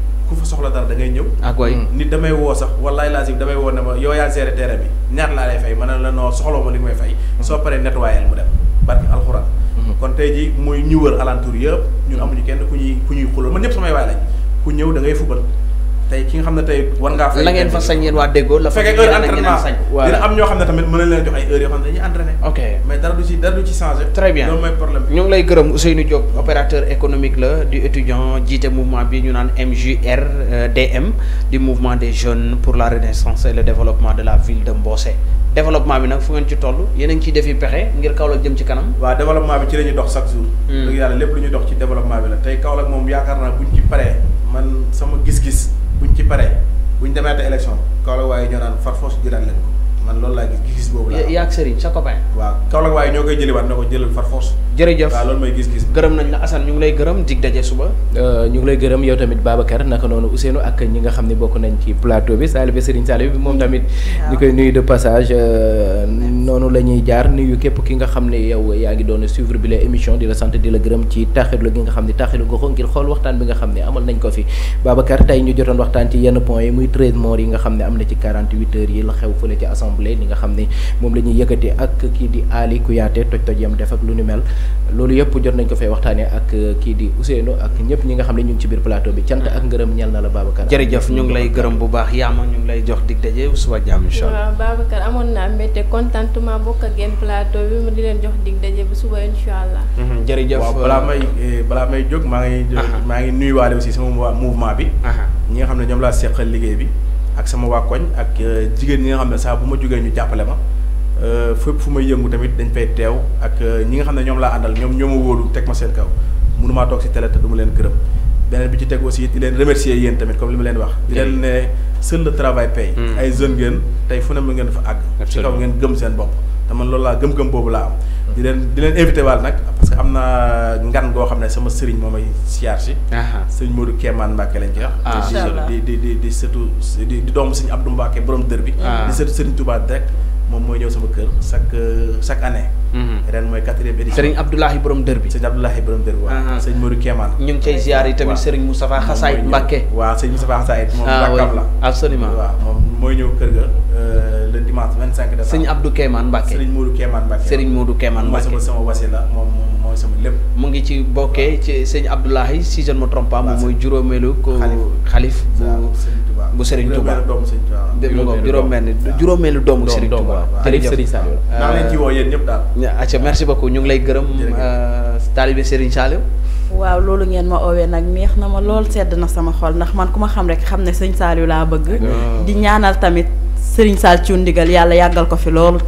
ku fa soxla dara da ngay ñëw. ak waay mm. nit damay woo sax walaay lazim damay woo ne ma yow yaa géré terrain bi ñaar laa lay fay ma ne la noo soxloo ma li may fay. Mm. soo paree nettoyé mu dem barki alxuraan. Mm. kon tey ji muy ñu wër alentour yëpp ñun amuñu kenn ku ñuy ku ñuy xulal man ñëpp samay waay lañ ku ñëw da ngay fubal tey ki nga xam ne tey war ngaa fay la ngeen fa sañ yéen waa déggoo la fekkee heure entraînement dina am ñoo xam ne tamit mën nañ leen jox ay heures yoo xam ne dañuy entraîné ok mais dara du ci dara très bien loolu mooy problème ñu ngi lay gërëm Ousseynou Diop opérateur économique la du étudiant jiite mouvement bi ñu naan MJRDM euh, di mouvement de jeunes pour la renaissance et le développement de la ville de Mbossé développement bi nag fu ngeen ci toll yéen a ngi ciy defi pexe ngir Kaolack jëm ci kanam waa développement bi ci la ñuy dox chaque jour hmm. dëgg yàlla lépp lu bi la tey Kaolack moom yaakaar naa buñ ci paree sama gis-gis bu ñu ci paree buñ demaatee élection Kaolack waaye ñoo naan farfosse jëlaat leen ko. man loolu laa gis gis-gis boobu laa. yaa ak Serigne sa copain. waaw Kaolack waaye ñoo koy jëliwaat na ko jëlal far force. jërëjëf waaw loolu gis-gis. gërëm nañ la Assane ñu ngi lay gërëm dig daje suba. Euh, ñu ngi lay gërëm yow tamit Babacar naka noonu Ousseynou ak ñi nga xam ne bokk nañ ci plateau bi Salibé Serigne Salibé moom hmm. tamit. ñu koy nuyu de passage euh, noonu la jaar nuyu képp ki nga xam ne yow yaa ngi doon suivre bi la émission di la sant di la gërëm ci taxirlu gi nga xam ne taxirlu nga ko ngir xool waxtaan bi nga xam ne amal nañ ko fi Babacar tey ñu jotoon waxtaan ci yenn point yi muy 13 morts la rassembler ni nga xamni ni lañuy yëkëti ak ki di Ali Kouyaté toj toj yam def ak lu ñu mel loolu yëpp jot nañ ko fay waxtane ak ki di Ousseynou ak ñëpp ñi nga xamni ñu ci biir plateau bi cyant ak ngërëm ñal na la Babacar jërëjëf ñu ngi lay gërëm bu baax yaama ñu ngi lay jox dig dajé suba jàmm incha allah waaw Babacar amoon na mbette contentement bokk ak yéen plateau bi mu di leen jox dig dajé bu suba inshallah allah mhm, jërëjëf bala may eh, bala may jog ma ngi ma ngi walé aussi sama mouvement bi ñi nga xamni ñom la sékkal liggéey bi ak sama waa koñ ak euh, jigéen ñi nga xam ne saa bu ma jógee ñu jàppale ma euh, fépp fu ma yëngu tamit dañ fay teew ak euh, ñi nga xam ne ñoom laa àndal ñoom ñoo ma wóolu teg ma seen kaw mënumaa toog si télé te du ma leen gërëm beneen bi ci teg aussi di leen remercier yéen tamit comme li ma leen wax di leen ne seul le travail hmm. ay jeunes ngeen tey fu ne mu ngeen fa àgg ci kaw ngeen gëm seen bopp te man loolu laa gëm-gëm boobu laa am. di len di len invité wal nak parce que amna ngan go xam ne sama sëriñ moo may siyaar si. sëriñ Modou Kéemaan Mbacke lañ koy wax. Ah. di di di di sëtu di di dom sëriñ Abdou Mbacke borom dër bi. Ah. di sëtu sëriñ Touba direct moom mooy ñëw sama kër chaque chaque année. Mhm. ren mooy quatrième édition. sëriñ Abdoulahi borom dër bi. sëriñ Abdoulahi borom dër bi waaw. sëriñ Modou Kéemaan. ñu ngi cay ziar yi tamit sëriñ Moustapha Xasaayit Mbacke. waaw sëriñ Moustapha Xasaayit moom. ah oui absolument la waaw moom mooy ñëw kër ga euh, dimanche vingt cinq décembre. sëñ Abdou Kéemaan Mbacke Serigne Modou Kéemaan Mbacke Serigne moom mooy sama lépp. mu ngi ci bokkee ci sëñ Abdoulahi si je ne me trompe pas moom mooy juróomeelu ko xalif bu bu Serigne Touba juróom-benn juróomeelu doomu Serigne Touba xalif Serigne Saliou naa leen ci woo acca ah, merci beaucoup ñu ngi lay gërëm euh, taalibe Serigne Saliou waaw loolu ngeen ma oowee nag neex na ma lool sedd na sama xol ndax man ku ma xam rek xam ne sëñ Saliou laa bëgg ah. di ñaanal tamit sëriñ Sall Thioune ndigal yàlla yàggal ko fi loolu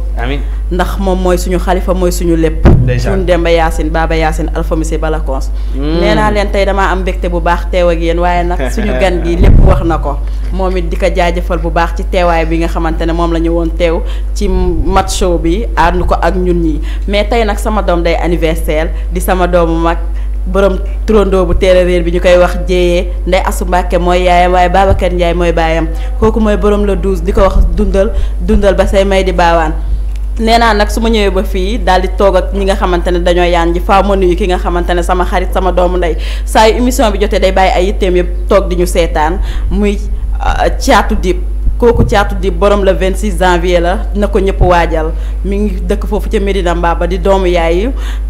ndax moom mooy suñu xalifa mooy suñu lépp. déjà Thioune Demba Yacine Baba Yacine Alpha Missé Balakons. Mm. nee naa leen tey damaa am mbégte bu baax teew ak yéen waaye nag suñu gan gi lépp wax na ko moom it di ko jaajëfal bu baax ci teewaay bi nga xamante ne moom la ñu woon teew ci match bi ànd ko ak ñun ñi mais tey nag sama doom day anniversaire di sama doomu mag. borom trondo bu teel a bi ñu koy wax jéyee nday asu mbàkke mooy yaayam waaye Babacar jaay mooy bayam kooku mooy borom la douze di ko wax dundal dundal ba say may di baawaan nee naa nag su ma ba fii daal di toog ak ñi nga xamante ne dañoo yaan ji faa mo nuyu ki nga xamante ne sama xarit sama doomu ndey saa yu émission bi jotee day bàyyi ay yitteem yëpp toog di ñu seetaan muy caatu ah, dib kooku caatu dip borom la 26 janvier la na ko ñëpp waajal mi ngi dëkk foofu ca Medina Mbaba di doomu yaayu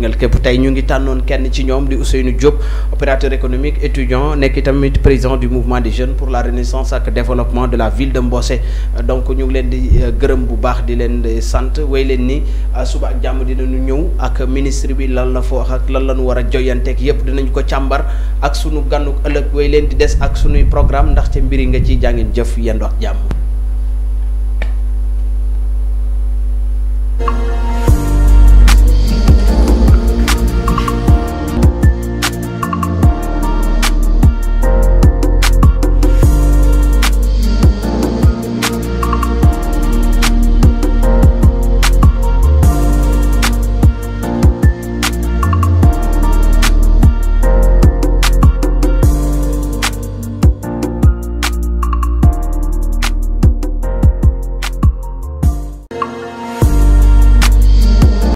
wërngal Kep tay ñu ngi tànnoon kenn ci ñom di Ousseynou Diop opérateur économique étudiant nekk tamit président du mouvement des jeunes pour la renaissance et développement de la ville de Mbossé donc ñu ngi leen di euh, gërëm bu baax di leen sante way leen ni suba ak jamm di dinañu ñëw ak ministre bi lan la fa ak lan la wara war a joyanteeg dinañ ko càmbar ak suñu ganu ëllëg way leen di dess ak suñu programme ndax ndaxte mbiri nga ci jàngeen jëf yendoo ak jàmm